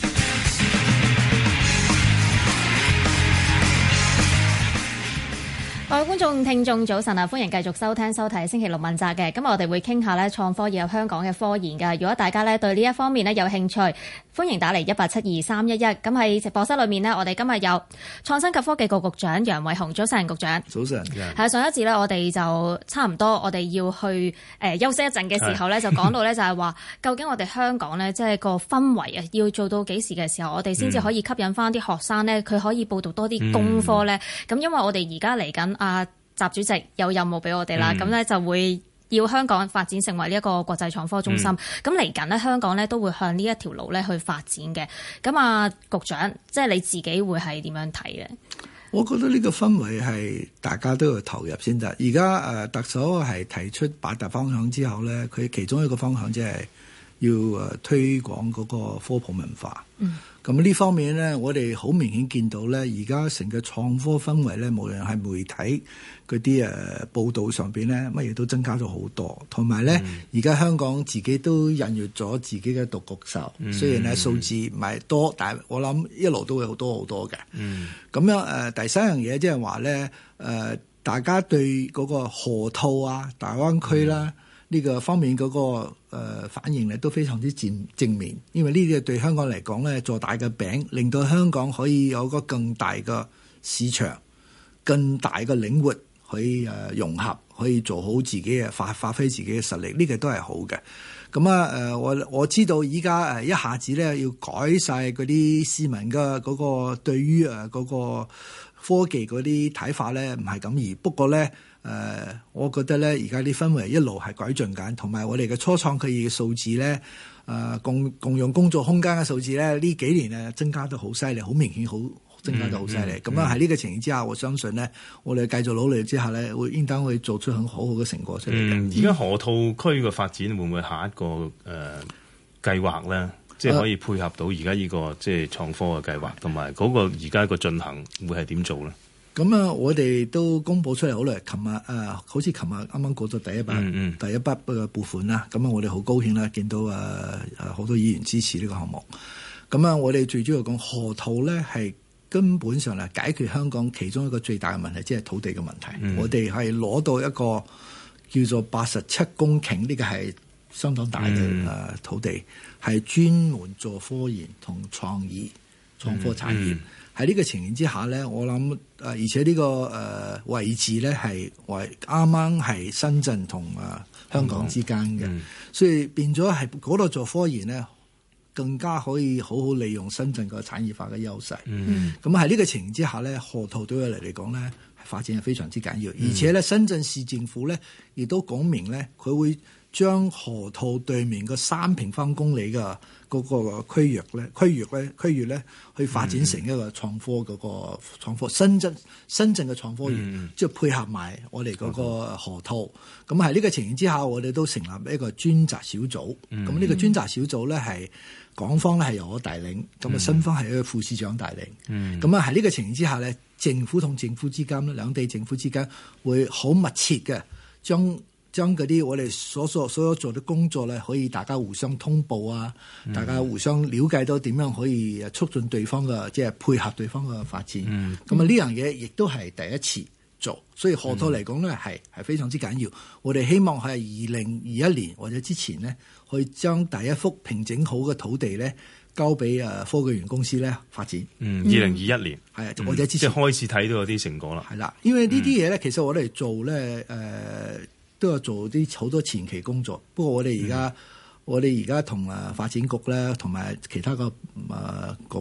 觀眾聽眾早晨啊，歡迎繼續收聽收睇星期六問責嘅。咁我哋會傾下咧創科以及香港嘅科研噶。如果大家咧對呢一方面咧有興趣，歡迎打嚟一八七二三一一。咁喺直播室裏面咧，我哋今日有創新及科技局局局長楊偉雄。早晨局長，早晨嘅。喺上一次咧，我哋就差唔多，我哋要去誒休息一陣嘅時候咧，的就講到咧就係話，究竟我哋香港呢即係個氛圍啊，要做到幾時嘅時候，我哋先至可以吸引翻啲學生呢？佢、嗯、可以報讀多啲工科呢？咁、嗯、因為我哋而家嚟緊啊。習主席有任務俾我哋啦，咁呢、嗯、就會要香港發展成為呢一個國際創科中心。咁嚟緊呢，香港呢都會向呢一條路呢去發展嘅。咁啊，局長，即係你自己會係點樣睇呢？我覺得呢個氛圍係大家都要投入先得。而家誒，特首係提出八大方向之後呢，佢其中一個方向即係要誒推廣嗰個科普文化。嗯。咁呢方面咧，我哋好明顯見到咧，而家成個創科氛圍咧，無論係媒體嗰啲誒報道上面咧，乜嘢都增加咗好多。同埋咧，而家、嗯、香港自己都孕育咗自己嘅獨角獸，雖然咧數字唔係多，但係我諗一路都會好多好多嘅。咁、嗯、樣、呃、第三樣嘢即係話咧，誒、呃、大家對嗰個河套啊、大灣區啦。嗯呢個方面嗰個誒反應咧都非常之正正面，因為呢啲對香港嚟講咧，做大嘅餅，令到香港可以有個更大嘅市場、更大嘅領域可以誒融合，可以做好自己嘅發發揮自己嘅實力，呢個都係好嘅。咁啊誒，我我知道依家誒一下子咧要改晒嗰啲市民嘅嗰個對於誒嗰個科技嗰啲睇法咧，唔係咁易。不過咧。誒、呃，我覺得咧，而家啲氛圍一路係改進緊，同埋我哋嘅初創企業嘅數字咧，誒、呃、共共用工作空間嘅數字咧，呢幾年呢增加得好犀利，好明顯，好增加得好犀利。咁啊喺呢個情形之下，我相信呢，我哋繼續努力之下呢，會應當會做出很好嘅成果出嚟。而家河套區嘅發展會唔會下一個誒計劃咧？即係可以配合到而家呢個即係創科嘅計劃，同埋嗰個而家個進行會係點做咧？咁啊，我哋都公布出嚟好耐，琴日啊，好似琴日啱啱過咗第一筆、嗯、第一筆嘅撥款啦。咁啊，我哋好高興啦，見到啊好、啊、多議員支持呢個項目。咁啊，我哋最主要講河套咧，係根本上啊解決香港其中一個最大嘅問題，即、就、係、是、土地嘅問題。嗯、我哋係攞到一個叫做八十七公頃呢、呢個係相當大嘅、嗯啊、土地，係專門做科研同創意創科產業。嗯嗯喺呢個情形之下呢，我諗誒，而且呢個誒位置呢，係位啱啱係深圳同啊香港之間嘅，嗯嗯、所以變咗係嗰度做科研呢，更加可以好好利用深圳個產業化嘅優勢。咁喺呢個情形之下呢，河套對我哋嚟講呢，發展係非常之緊要。而且呢，深圳市政府呢，亦都講明呢，佢會將河套對面個三平方公里嘅。個個區域咧，區域咧，區域咧，去發展成一個創科嗰個創科，深圳深圳嘅創科園，即係配合埋我哋嗰個河套。咁喺呢個情形之下，我哋都成立一個專責小組。咁呢、嗯、個專責小組咧，係港方咧係由我帶領，咁啊新方係一個副市長帶領。咁啊喺呢個情形之下咧，政府同政府之間咧，兩地政府之間會好密切嘅將將嗰啲我哋所做所有做啲工作咧，可以大家互相通報啊，嗯、大家互相了解到點樣可以促進對方嘅，即、就、係、是、配合對方嘅發展。咁啊、嗯，呢樣嘢亦都係第一次做，所以合作嚟講咧，係、嗯、非常之緊要。我哋希望係二零二一年或者之前呢，去將第一幅平整好嘅土地咧，交俾科技園公司咧發展。嗯，二零二一年啊、嗯，或者之前、嗯、即係開始睇到有啲成果啦。係啦，因為呢啲嘢咧，其實我哋做咧誒都係做啲好多前期工作。不過我哋而家，嗯、我哋而家我哋而家同誒發展局咧，同埋其他個誒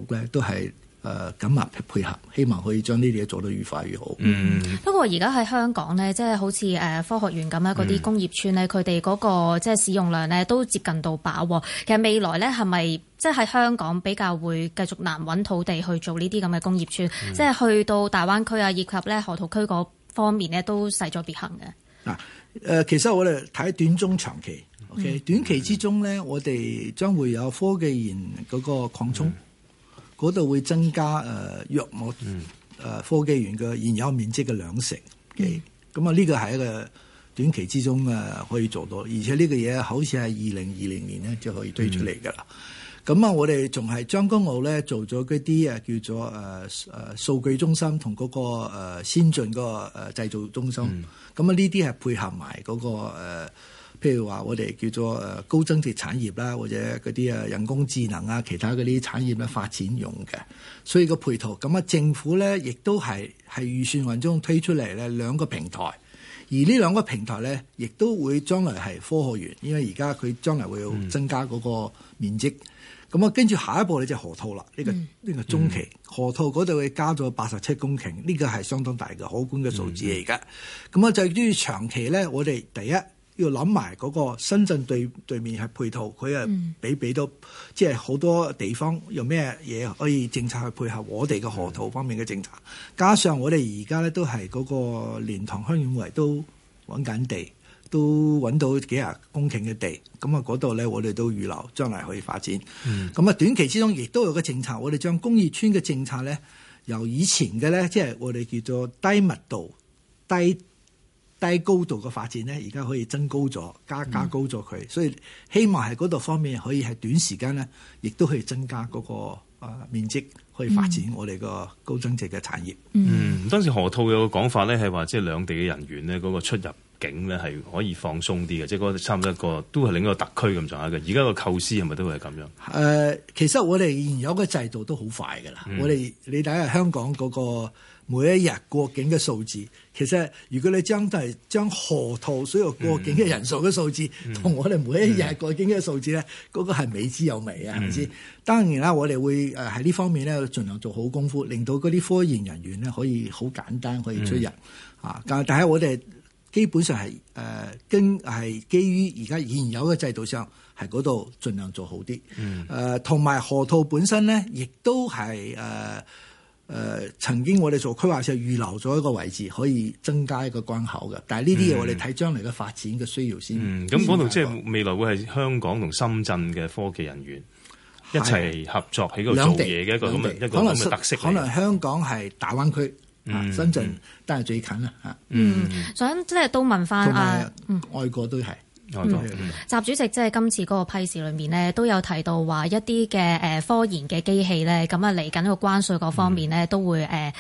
局咧，都係誒緊密配合，希望可以將呢啲嘢做得越快越好。嗯。不過，而家喺香港呢，即係好似誒科學園咁樣，嗰啲工業村咧，佢哋嗰個即係使用量呢，都接近到飽。其實未來呢，係咪即係喺香港比較會繼續難揾土地去做呢啲咁嘅工業村？嗯、即係去到大灣區啊，以及呢河套區嗰方面呢，都勢在必行嘅。啊！誒、呃，其實我哋睇短中長期，OK，嗯、短期之中咧，我哋將會有科技園嗰個擴充，嗰度、嗯、會增加誒約莫誒科技園嘅現有面積嘅兩成幾，咁啊呢個係一個短期之中啊可以做到，而且呢個嘢好似係二零二零年咧就可以推出嚟㗎喇。嗯。咁啊，我哋仲係將軍澳咧做咗嗰啲啊，叫做誒數據中心同嗰個誒先進個誒製造中心。咁啊、嗯，呢啲係配合埋嗰、嗰個誒，譬如話我哋叫做誒高增值產業啦，或者嗰啲啊人工智能啊，其他嗰啲產業嘅發展用嘅。所以個配套咁啊，政府咧亦都係係預算案中推出嚟咧兩個平台，而呢兩個平台咧，亦都會將來係科學園，因為而家佢將來會增加嗰個面積。嗯咁啊，跟住下一步呢，就係河套啦，呢個呢個中期、嗯、河套嗰度會加咗八十七公頃，呢、嗯、個係相當大嘅可觀嘅數字嚟㗎。咁啊、嗯，就至於長期咧，嗯、我哋第一要諗埋嗰個深圳對，對面係配套，佢係俾俾到、嗯、即係好多地方用咩嘢可以政策去配合我哋嘅河套方面嘅政策，的加上我哋而家咧都係嗰個蓮塘香園圍都揾緊地。都揾到幾廿公頃嘅地，咁啊嗰度咧，我哋都預留，將來可以發展。咁啊、嗯、短期之中，亦都有個政策，我哋將工業村嘅政策咧，由以前嘅咧，即係我哋叫做低密度、低低高度嘅發展咧，而家可以增高咗，加加高咗佢。嗯、所以希望喺嗰度方面，可以喺短時間呢，亦都可以增加嗰個啊面積，可以發展我哋個高增值嘅產業。嗯，當時河套有個講法咧，係話即係兩地嘅人員呢，嗰個出入境咧係可以放鬆啲嘅，即係差唔多一個都係另一個特區咁上下嘅。而家個構思係咪都會係咁樣？誒，其實我哋現有嘅制度都好快㗎啦。我哋你睇下香港嗰個每一日過境嘅數字，其實如果你將係將河套所有過境嘅人數嘅數字同我哋每一日過境嘅數字咧，嗰個係微之又微呀，係咪先？當然啦，我哋會誒喺呢方面咧盡量做好功夫，令到嗰啲科研人員呢可以好簡單可以出入嚇。但係我哋。基本上係誒根係基於而家現有嘅制度上，喺嗰度盡量做好啲。誒同埋河套本身呢，亦都係誒誒曾經我哋做規劃時預留咗一個位置，可以增加一個關口嘅。但係呢啲嘢我哋睇將嚟嘅發展嘅需要先。嗯，咁嗰度即係未來會係香港同深圳嘅科技人員一齊合作喺嗰度做嘢嘅一個咁嘅一個特色。可能香港係大灣區。嗯，深圳都係最近啦嚇。嗯，想即係都問返啊，外國都係外國。對嗯、習主席即係今次嗰個批示裏面呢，都有提到話一啲嘅誒科研嘅機器咧，咁啊嚟緊個關稅嗰方面呢，都會誒誒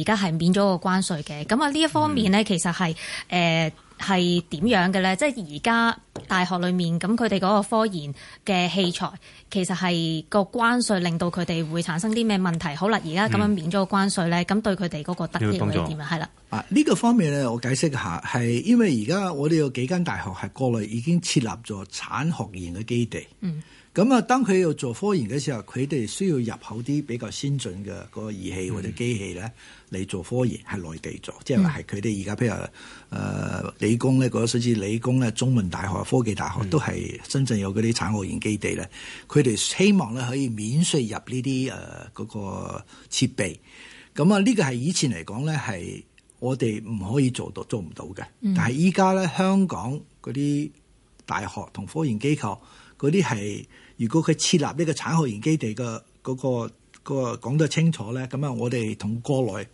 而家係免咗個關稅嘅。咁啊呢一方面呢，其實係誒。嗯呃係點樣嘅咧？即係而家大學裡面咁，佢哋嗰個科研嘅器材其實係個關稅令到佢哋會產生啲咩問題？好啦，而家咁樣免咗個關稅咧，咁、嗯、對佢哋嗰個得益會點啊？係啦，啊呢個方面咧，我解釋一下係因為而家我哋有幾間大學係國內已經設立咗產學研嘅基地。嗯，咁啊，當佢要做科研嘅時候，佢哋需要入口啲比較先進嘅嗰個儀器或者機器咧嚟、嗯、做科研，係內地做，即係話係佢哋而家譬如。誒、呃、理工咧，嗰啲理工咧，中文大學、科技大學都係深圳有嗰啲產學研基地咧。佢哋、嗯、希望咧可以免稅入呢啲誒嗰個設備。咁啊，呢個係以前嚟講咧係我哋唔可以做到、做唔到嘅。但係依家咧，香港嗰啲大學同科研機構嗰啲係，如果佢設立呢個產學研基地嘅嗰、嗰個嗰、嗰個嗰個、講得清楚咧，咁啊，我哋同國內。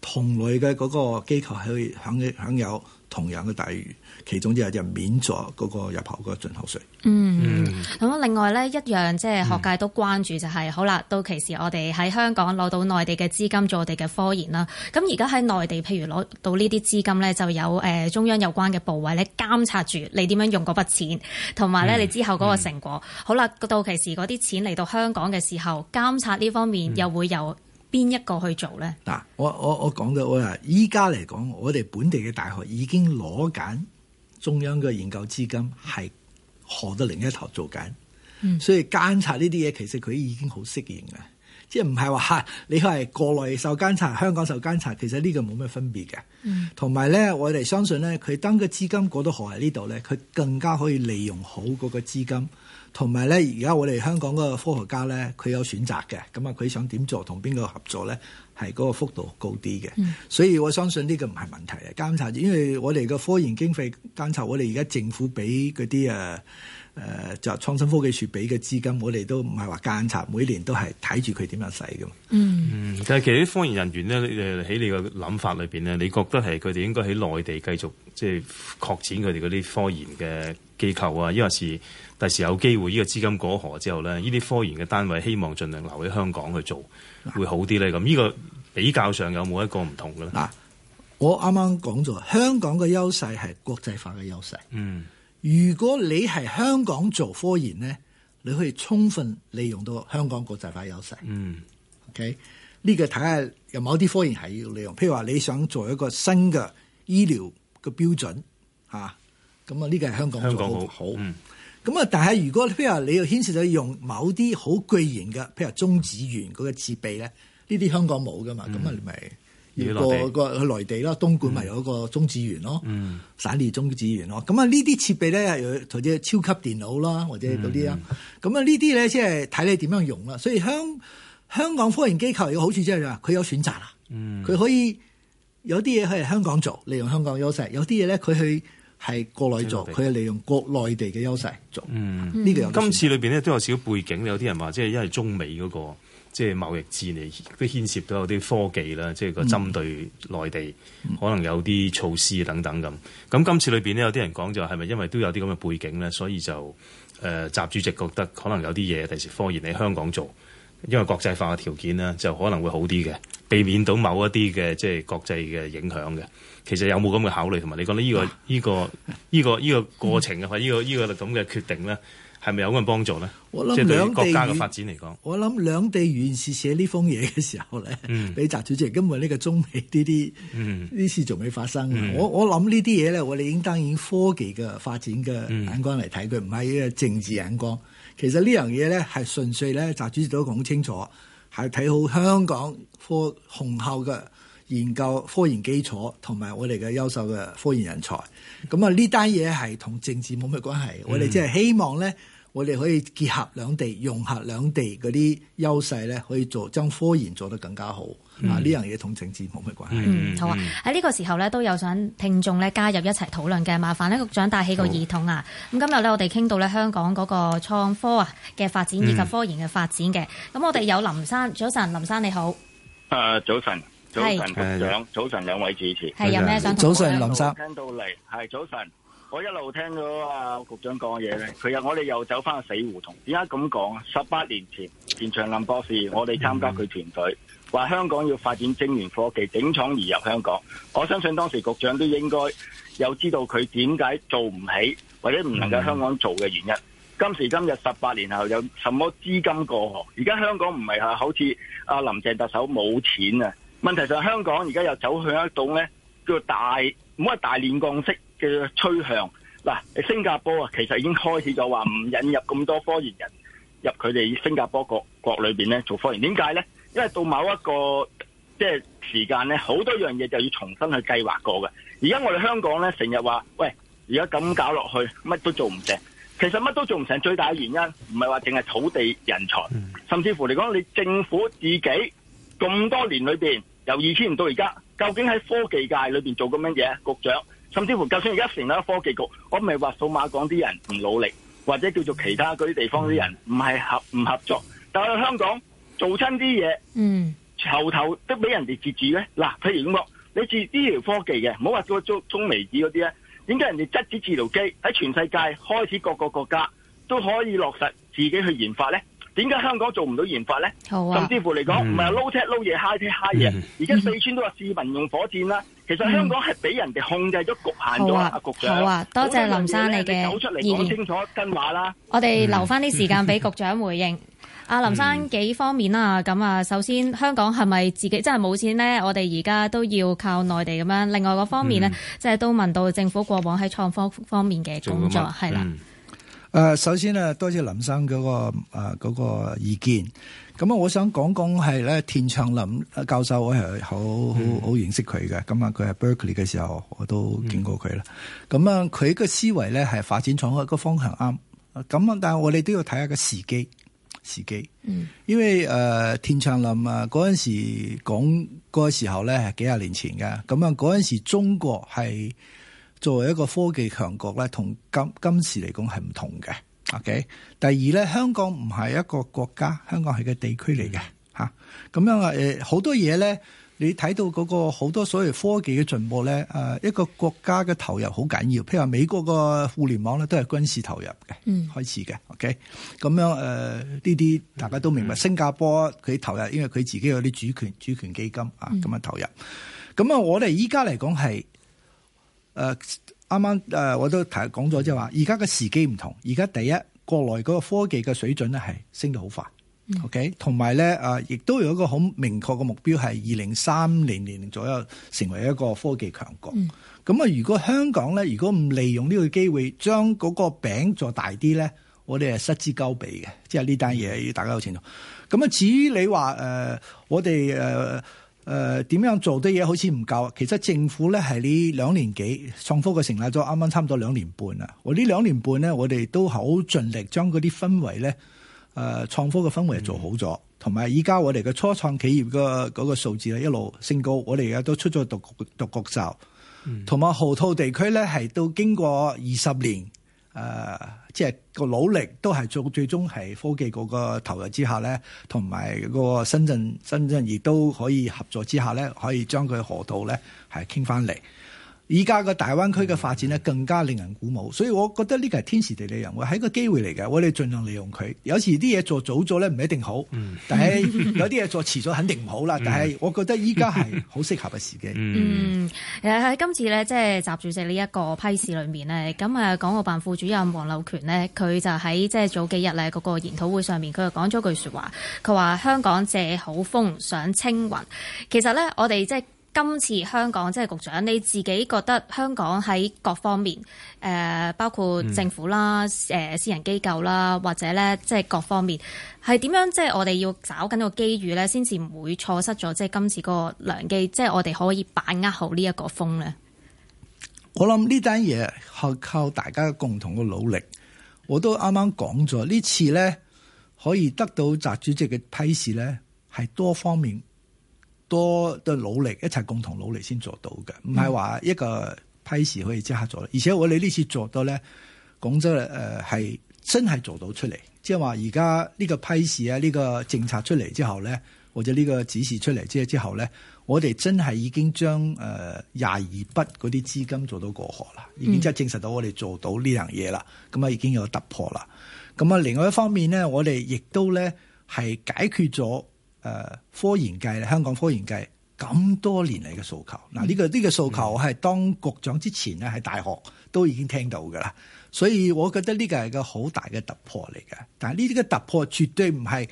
同類嘅嗰個機構可以享享有同樣嘅待遇，其中之一就免咗嗰個入口嘅進口稅。嗯，咁、嗯、另外咧一樣即係學界都關注就係、是，嗯、好啦，到期時我哋喺香港攞到內地嘅資金做我哋嘅科研啦。咁而家喺內地，譬如攞到呢啲資金咧，就有誒、呃、中央有關嘅部委咧監察住你點樣用嗰筆錢，同埋咧你之後嗰個成果。嗯、好啦，到期時嗰啲錢嚟到香港嘅時候，監察呢方面又會有、嗯。邊一個去做咧？嗱，我我我講到我話，依家嚟講，我哋本地嘅大學已經攞緊中央嘅研究資金，係河嘅另一頭做緊，所以監察呢啲嘢，其實佢已經好適應啦。即係唔係話吓，你係國內受監察，香港受監察，其實這個沒什麼有呢個冇咩分別嘅。嗯，同埋咧，我哋相信咧，佢當個資金過到河喺呢度咧，佢更加可以利用好嗰個資金。同埋咧，而家我哋香港個科學家咧，佢有選擇嘅咁啊。佢想點做，同邊個合作咧，係嗰個幅度高啲嘅。所以我相信呢個唔係問題啊。監察，因為我哋個科研經費監察，我哋而家政府俾嗰啲誒誒就創新科技署俾嘅資金，我哋都唔係話監察，每年都係睇住佢點樣使嘅。嗯，嗯，但係其實其實啲科研人員呢，誒喺你個諗法裏邊呢，你覺得係佢哋應該喺內地繼續即係、就是、擴展佢哋嗰啲科研嘅機構啊，抑或是。第時有機會，呢個資金過河之後呢，呢啲科研嘅單位希望盡量留喺香港去做，會好啲呢。咁呢個比較上有冇一個唔同嘅呢？啊，我啱啱講咗，香港嘅優勢係國際化嘅優勢。嗯，如果你喺香港做科研呢，你可以充分利用到香港國際化優勢。嗯，OK，呢個睇下有冇啲科研係要利用，譬如話你想做一個新嘅醫療嘅標準嚇，咁啊呢個係香港香港好，好，嗯咁啊！但係如果譬如你又牽涉到用某啲好巨型嘅，譬如中子源嗰個設備咧，呢啲香港冇噶嘛？咁啊、嗯，你咪要過個去內地囉，東莞咪有一個中子源咯，散裂、嗯、中子源咯。咁啊，呢啲設備咧，又或者超級電腦啦，或者嗰啲啦咁啊，呢啲咧即係睇你點樣用啦。所以香香港科研機構有好處，即係話佢有選擇啦。嗯，佢可以有啲嘢喺香港做，利用香港優勢；有啲嘢咧，佢去。係國內做，佢係利用國內地嘅優勢做。呢、嗯、個有、嗯、今次裏邊咧都有少背景，有啲人話即係因為中美嗰、嗰個即係貿易戰嚟，都牽涉到有啲科技啦，即係個針對內地、嗯、可能有啲措施等等咁。咁、嗯、今次裏邊咧有啲人講就係咪因為都有啲咁嘅背景咧，所以就誒習、呃、主席覺得可能有啲嘢第時科研喺香港做，因為國際化嘅條件呢，就可能會好啲嘅，避免到某一啲嘅即係國際嘅影響嘅。其實有冇咁嘅考慮？同埋你覺得呢個依、這個依、這個依、這個過程嘅話，依、嗯，這個依、這個咁嘅決定咧，係咪有咁嘅幫助咧？即係對國家嘅發展嚟講，我諗兩地原是寫呢封嘢嘅時候呢，習主席，因為呢個中美啲啲呢次仲未發生、嗯、我我諗呢啲嘢呢，我哋應當然科技嘅發展嘅眼光嚟睇，佢唔係政治眼光。其實呢樣嘢呢，係純粹呢，習主席都講清楚，係睇好香港科雄厚嘅。研究科研基礎同埋我哋嘅優秀嘅科研人才，咁啊呢單嘢係同政治冇咩關係。嗯、我哋即係希望咧，我哋可以結合兩地，融合兩地嗰啲優勢咧，可以做將科研做得更加好。嗯、啊，呢樣嘢同政治冇咩關係，嗯。好啊。喺呢個時候咧，都有想聽眾咧加入一齊討論嘅，麻煩咧，局長帶起個耳筒啊。咁今日咧，我哋傾到咧香港嗰個創科啊嘅發展以及科研嘅發展嘅。咁、嗯、我哋有林生，早晨，林生你好。誒、啊，早晨。早晨，係局長，係係係早晨兩位主持。係有咩早晨，林生聽到嚟，係早晨。我一路聽到阿、啊、局長講嘢咧，佢又我哋又走翻去死胡同。點解咁講啊？十八年前，田長霖博士，我哋參加佢團隊，話、嗯、香港要發展晶圓科技，整廠移入香港。我相信當時局長都應該有知道佢點解做唔起，或者唔能夠香港做嘅原因。嗯、今時今日十八年後，有什麼資金過河？而家香港唔係啊，好似阿、啊、林鄭特首冇錢啊！問題就係香港而家又走向一種咧，叫大，唔好話大連降式嘅趨向。嗱，新加坡啊，其實已經開始咗話唔引入咁多科研人入佢哋新加坡國國裏邊咧，做科研。點解咧？因為到某一個即係時間咧，好多樣嘢就要重新去計劃過嘅。而家我哋香港咧，成日話喂，而家咁搞落去，乜都做唔成。其實乜都做唔成，最大嘅原因唔係話淨係土地、人才，甚至乎嚟講，你政府自己咁多年裏邊。由二千年到而家，究竟喺科技界裏邊做過乜嘢？局長，甚至乎，就算而家成立咗科技局，我唔係話數碼港啲人唔努力，或者叫做其他嗰啲地方啲人唔係合唔合作，但係香港做親啲嘢，嗯，後頭都俾人哋截住咧。嗱，譬如咁啊，你治醫療科技嘅，唔好話做做中微子嗰啲咧，點解人哋質子治療機喺全世界開始各個國家都可以落實自己去研發咧？點解香港做唔到研發呢？好啊，甚至乎嚟講，唔係撈車撈嘢，high 車 high 嘢。而家四川都話市民用火箭啦。其實香港係俾人哋控制咗，局限咗啊，局長。好啊，多謝林生你嘅，出嚟講清楚真話啦。我哋留翻啲時間俾局長回應。阿林生幾方面啦？咁啊，首先香港係咪自己真係冇錢呢？我哋而家都要靠內地咁樣。另外嗰方面呢，即係都問到政府過往喺創科方面嘅工作係啦。誒，首先呢多謝林生嗰、那個誒嗰、那個意見。咁啊，我想講講係咧，田長林教授，我係好好好認識佢嘅。咁啊，佢係 Berkeley 嘅時候，我都見過佢啦。咁啊、嗯，佢個思維咧係發展錯一個方向啱。咁啊，但係我哋都要睇下個時機，時機。嗯。因為誒、呃，田長林啊，嗰陣時講嗰個時候咧，係幾廿年前嘅。咁啊，嗰陣時中國係。作為一個科技強國咧，同今今時嚟講係唔同嘅。OK. 第二咧，香港唔係一個國家，香港係個地區嚟嘅。嗯、咁樣、呃、好多嘢咧，你睇到嗰個好多所謂科技嘅進步咧、呃，一個國家嘅投入好緊要。譬如話美國個互聯網咧，都係軍事投入嘅、嗯、開始嘅。O K. 咁樣誒呢啲大家都明白。新加坡佢投入，因為佢自己有啲主權主權基金啊，咁樣投入。咁樣啊、嗯，我哋依家嚟講係。誒，啱啱誒，我都提講咗，即係話，而家嘅時機唔同。而家第一，國內嗰個科技嘅水準咧係升得好快。嗯、OK，同埋咧誒，亦、呃、都有一個好明確嘅目標，係二零三零年左右成為一個科技強國。咁啊、嗯，嗯、如果香港咧，如果唔利用呢個機會，將嗰個餅做大啲咧，我哋係失之交臂嘅。即係呢單嘢，大家好清楚。咁啊，至於你話誒，我哋誒。呃誒點、呃、樣做啲嘢好似唔夠。其實政府咧係呢是兩年幾創科嘅成立咗，啱啱差唔多兩年半啦。我呢兩年半呢，我哋都好盡力將嗰啲氛圍咧，誒、呃、創科嘅氛圍做好咗，同埋依家我哋嘅初創企業嘅嗰個數字咧一路升高，我哋而家都出咗獨獨角獸，同埋、嗯、豪土河套地區咧係到經過二十年。誒、呃，即係個努力都係做，最終係科技嗰個投入之下咧，同埋個深圳、深圳亦都可以合作之下咧，可以將佢河道咧係傾翻嚟。而家個大灣區嘅發展呢，更加令人鼓舞，所以我覺得呢個係天時地利人和係一個機會嚟嘅。我哋盡量利用佢。有時啲嘢做早咗咧，唔一定好；嗯、但係有啲嘢做遲咗，肯定唔好啦。嗯、但係我覺得依家係好適合嘅時機。嗯，喺今次呢，即係習主席呢一個批示裏面呢，咁誒，港澳辦副主任黃柳權呢，佢就喺即係早幾日咧嗰個研討會上面，佢就講咗句說話，佢話香港借好風想青雲。其實呢，我哋即係。今次香港即係局長你自己覺得香港喺各方面，誒包括政府啦、誒、嗯、私人機構啦，或者咧即係各方面，係點樣即係我哋要找緊個機遇咧，先至唔會錯失咗即係今次個良機，即係我哋可以把握好呢一個風咧。我諗呢單嘢係靠大家共同嘅努力。我都啱啱講咗，呢次咧可以得到習主席嘅批示咧，係多方面，多嘅努力，一齊共同努力先做到嘅，唔係話一個批示可以即刻做到。嗯、而且我哋呢次做到咧，廣州誒係真係做到出嚟，即係話而家呢個批示啊，呢、呢個政策出嚟之後咧，或者呢個指示出嚟之之後咧，我哋真係已經將誒廿二筆嗰啲資金做到過河啦，已經即係證實到我哋做到呢、嗯、樣嘢啦。咁啊已經有突破啦。咁啊另外一方面咧，我哋亦都咧係解決咗。誒，科研界咧，香港科研界咁多年嚟嘅訴求，嗱呢、嗯這個呢、這個訴求，我係當局長之前咧，喺、嗯、大學都已經聽到噶啦，所以我覺得呢個係個好大嘅突破嚟嘅。但係呢啲嘅突破絕對唔係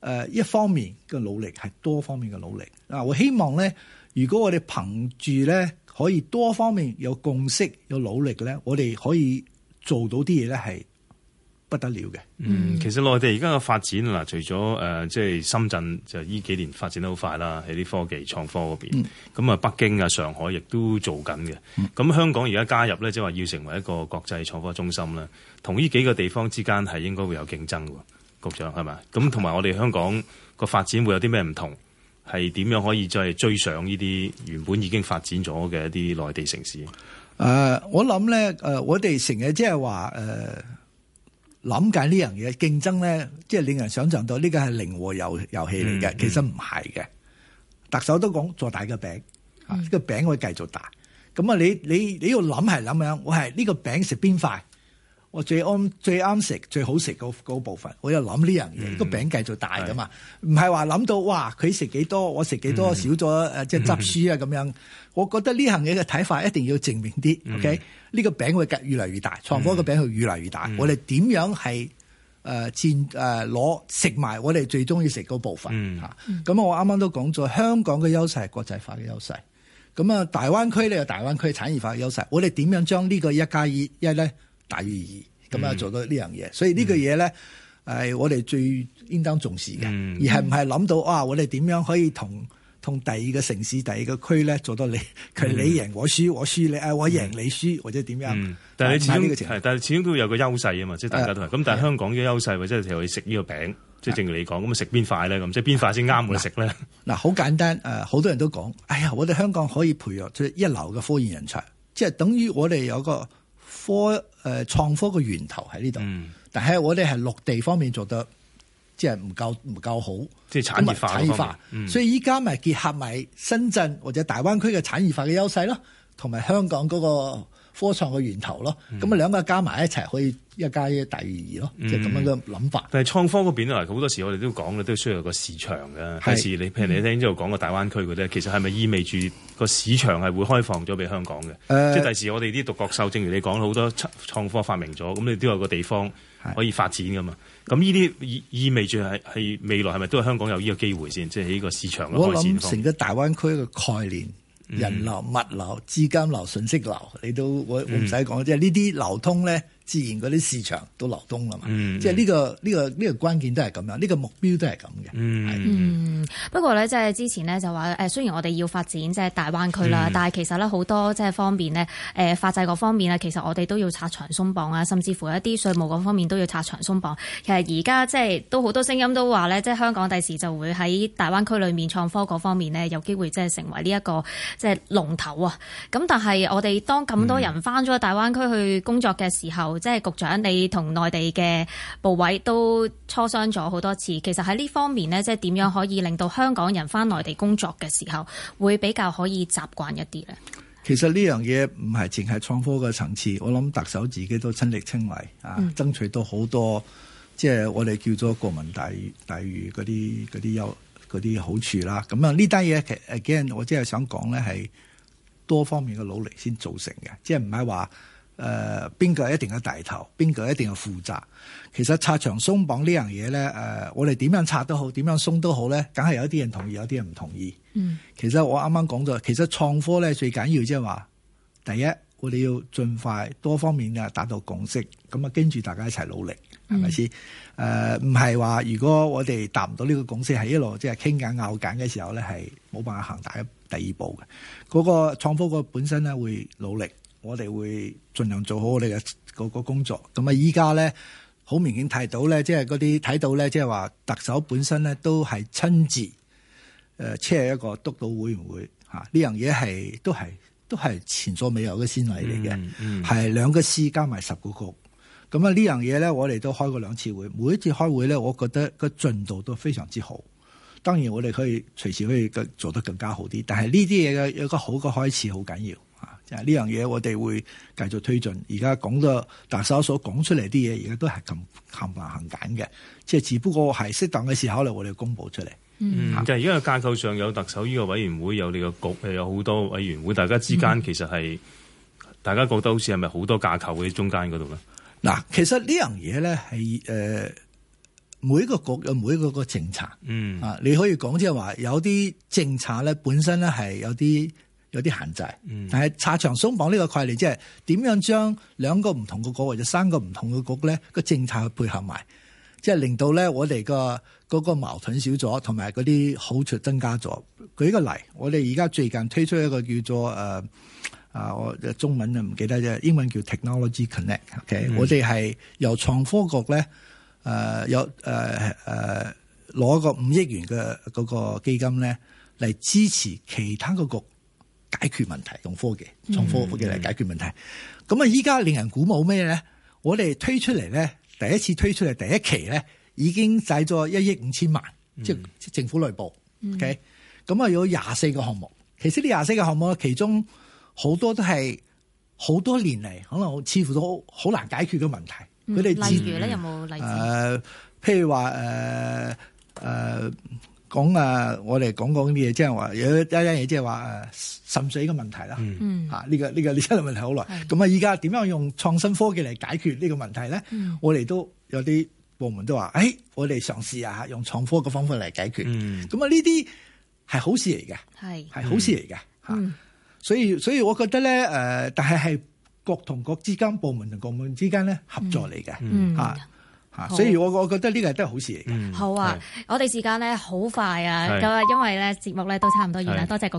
誒一方面嘅努力，係多方面嘅努力啊。我希望咧，如果我哋憑住咧可以多方面有共識、有努力嘅咧，我哋可以做到啲嘢咧係。不得了嘅。嗯，其實內地而家嘅發展嗱，除咗誒，即、呃、係、就是、深圳就呢幾年發展得好快啦，喺啲科技創科嗰邊。咁啊、嗯，北京啊，上海亦都做緊嘅。咁、嗯、香港而家加入咧，即係話要成為一個國際創科中心啦。同呢幾個地方之間係應該會有競爭嘅，局長係咪？咁同埋我哋香港個發展會有啲咩唔同？係點樣可以再追上呢啲原本已經發展咗嘅一啲內地城市？誒、呃，我諗咧誒，我哋成日即係話誒。呃諗緊呢樣嘢競爭咧，即係令人想像到呢個係靈活遊遊戲嚟嘅。嗯嗯、其實唔係嘅。特首都講做大個餅，啊、嗯，呢個餅會繼續大。咁啊，你你你要諗係噉樣，我係呢個餅食邊塊？我最啱最啱食最好食嗰部分，我又諗呢樣嘢個餅繼續大噶嘛，唔係話諗到哇佢食幾多我食幾多少咗即係執輸啊咁、就是啊、樣。嗯嗯、我覺得呢行嘢嘅睇法一定要正面啲。嗯、OK，呢個餅會趨越嚟越大，創科個餅係越嚟越大。嗯、我哋點樣係誒佔誒攞食埋我哋最中意食嗰部分嚇？咁、嗯啊、我啱啱都講咗香港嘅優勢係國際化嘅優勢，咁啊大灣區呢有大灣區產業化嘅優勢。我哋點樣將個呢個一加二一咧？大於二咁啊，做到呢樣嘢，所以呢個嘢咧，係我哋最應當重視嘅，而係唔係諗到啊？我哋點樣可以同同第二個城市、第二個區咧做到你，佢你贏我輸，我輸你啊，我贏你輸，或者點樣？但係你始終係，但係始終都有個優勢啊嘛，即係大家都係咁。但係香港嘅優勢，或者係食呢個餅，即係正如你講咁啊，食邊塊咧咁，即係邊塊先啱我哋食咧？嗱，好簡單誒，好多人都講，哎呀，我哋香港可以培育出一流嘅科研人才，即係等於我哋有個。科誒創科嘅源頭喺呢度，但係我哋喺陸地方面做得即係唔夠唔夠好，即係產，產業化，所以依家咪結合埋深圳或者大灣區嘅產業化嘅優勢咯，同埋香港嗰個。科創嘅源頭咯，咁啊兩個加埋一齊可以一加一大如二咯，即係咁樣嘅諗法。嗯嗯、但係創科嗰邊咧，好多時候我哋都講咧，都需要有個市場嘅。第時是你譬如你聽之後講個大灣區嗰啲，嗯、其實係咪意味住個市場係會開放咗俾香港嘅？嗯、即係第時我哋啲獨角獸，正如你講，好多創科發明咗，咁你都有個地方可以發展噶嘛？咁呢啲意味住係係未來係咪都係香港有呢個機會先？即係呢個市場成咗大灣區嘅概念。人流、物流、資金流、信息流，你都會唔使講，即係呢啲流通咧。自然嗰啲市場都流動啦嘛，即係呢個呢、呢個呢、呢個關鍵都係咁樣，呢、呢個目標都係咁嘅。嗯，是不過咧，即係之前咧就話誒雖然我哋要發展即係大灣區啦，嗯、但係其實咧好多即係方面咧誒法制嗰方面啊，其實我哋都要拆牆鬆綁啊，甚至乎一啲稅務嗰方面都要拆牆鬆綁。其實而家即係都好多聲音都話咧，即係香港第時就會喺大灣區裏面創科嗰方面咧有機會即係成為呢一個即係龍頭啊。咁但係我哋當咁多人翻咗大灣區去工作嘅時候，嗯即係局長，你同內地嘅部委都磋商咗好多次。其實喺呢方面呢，即係點樣可以令到香港人返內地工作嘅時候，會比較可以習慣一啲呢？其實呢樣嘢唔係淨係創科嘅層次，我諗特首自己都親力親為啊，嗯、爭取到好多，即係我哋叫做國民待遇待遇嗰啲嗰啲有嗰啲好處啦。咁啊呢單嘢，其 again 我只係想講呢，係多方面嘅努力先造成嘅，即係唔係話。誒，邊個一定嘅帶頭，邊個一定要負責？其實拆牆鬆綁呢樣嘢咧，誒、呃，我哋點樣拆都好，點樣鬆都好咧，梗係有啲人同意，有啲人唔同意。嗯其剛剛，其實我啱啱講咗，其實創科咧最緊要即係話，第一，我哋要盡快多方面嘅達到共識，咁啊跟住大家一齊努力，係咪先？誒、嗯，唔係話如果我哋達唔到呢個共識，係一路即係傾緊拗緊嘅時候咧，係冇辦法行大一第二步嘅。嗰、那個創科個本身咧會努力。我哋會盡量做好我哋嘅個個工作，咁啊依家咧好明顯睇到咧，即係嗰啲睇到咧，即係話特首本身咧都係親自，誒、呃，車一個督導委員會吓？呢樣嘢係都係都係前所未有嘅先例嚟嘅，係、嗯嗯、兩個司加埋十個局。咁啊呢樣嘢咧，我哋都開過兩次會，每一次開會咧，我覺得個進度都非常之好。當然我哋可以隨時可以做得更加好啲，但係呢啲嘢有一個好嘅開始好緊要。就呢樣嘢，我哋會繼續推進。而家講到特首所講出嚟啲嘢，而家都係咁冚唪唥行緊嘅，即係只不過係適當嘅時候咧，我哋公布出嚟。嗯，就而家嘅架構上有特首呢個委員會，有你個局，有好多委員會，大家之間其實係、嗯、大家覺得好似係咪好多架構喺中間嗰度咧？嗱，其實呢樣嘢咧係誒，每一個局有每一個個政策，嗯啊，你可以講即係話有啲政策咧，本身咧係有啲。有啲限制，嗯，但係拆牆鬆綁呢個概念，即係點樣將兩個唔同嘅局或者三個唔同嘅局咧個政策去配合埋，即係令到咧我哋個個矛盾少咗，同埋嗰啲好處增加咗。舉個例，我哋而家最近推出一個叫做誒啊，我中文就唔記得啫，英文叫 Technology Connect，okay? mm。Hmm. 我哋係由創科局咧，誒有誒誒攞個五億元嘅嗰個基金咧嚟，支持其他個局。解決問題用科技，用科技嚟解決問題。咁啊，依家、嗯嗯、令人鼓舞咩咧？我哋推出嚟咧，第一次推出嚟，第一期咧，已經使咗一億五千萬，嗯、即係政府內部。嗯、OK，咁啊，有廿四個項目，其實呢廿四個項目，其中好多都係好多年嚟，可能似乎都好難解決嘅問題。佢哋、嗯、例如咧，有冇例子？誒、呃，譬如話誒誒。呃呃講啊！我哋講講啲嘢，即係話有一樣嘢，即係話滲水嘅問題啦。嚇、嗯，呢、啊呢個呢、呢個呢出嚟問題好耐。咁啊是，依家點樣用創新科技嚟解決呢個問題咧？嗯、我哋都有啲部門都話，誒，我哋嘗試啊，用創科嘅方法嚟解決。咁啊、嗯，呢啲係好事嚟嘅，係是好事嚟嘅嚇。所以所以，我覺得咧，誒、呃，但係係各同各之間部門同部門之間咧，合作嚟嘅嚇。嗯嗯啊好所以，我我覺得呢個係都係好事嚟嘅。好啊，是我哋時間咧好快啊，咁啊是，因為咧節目咧都差唔多完啦。是多謝各位。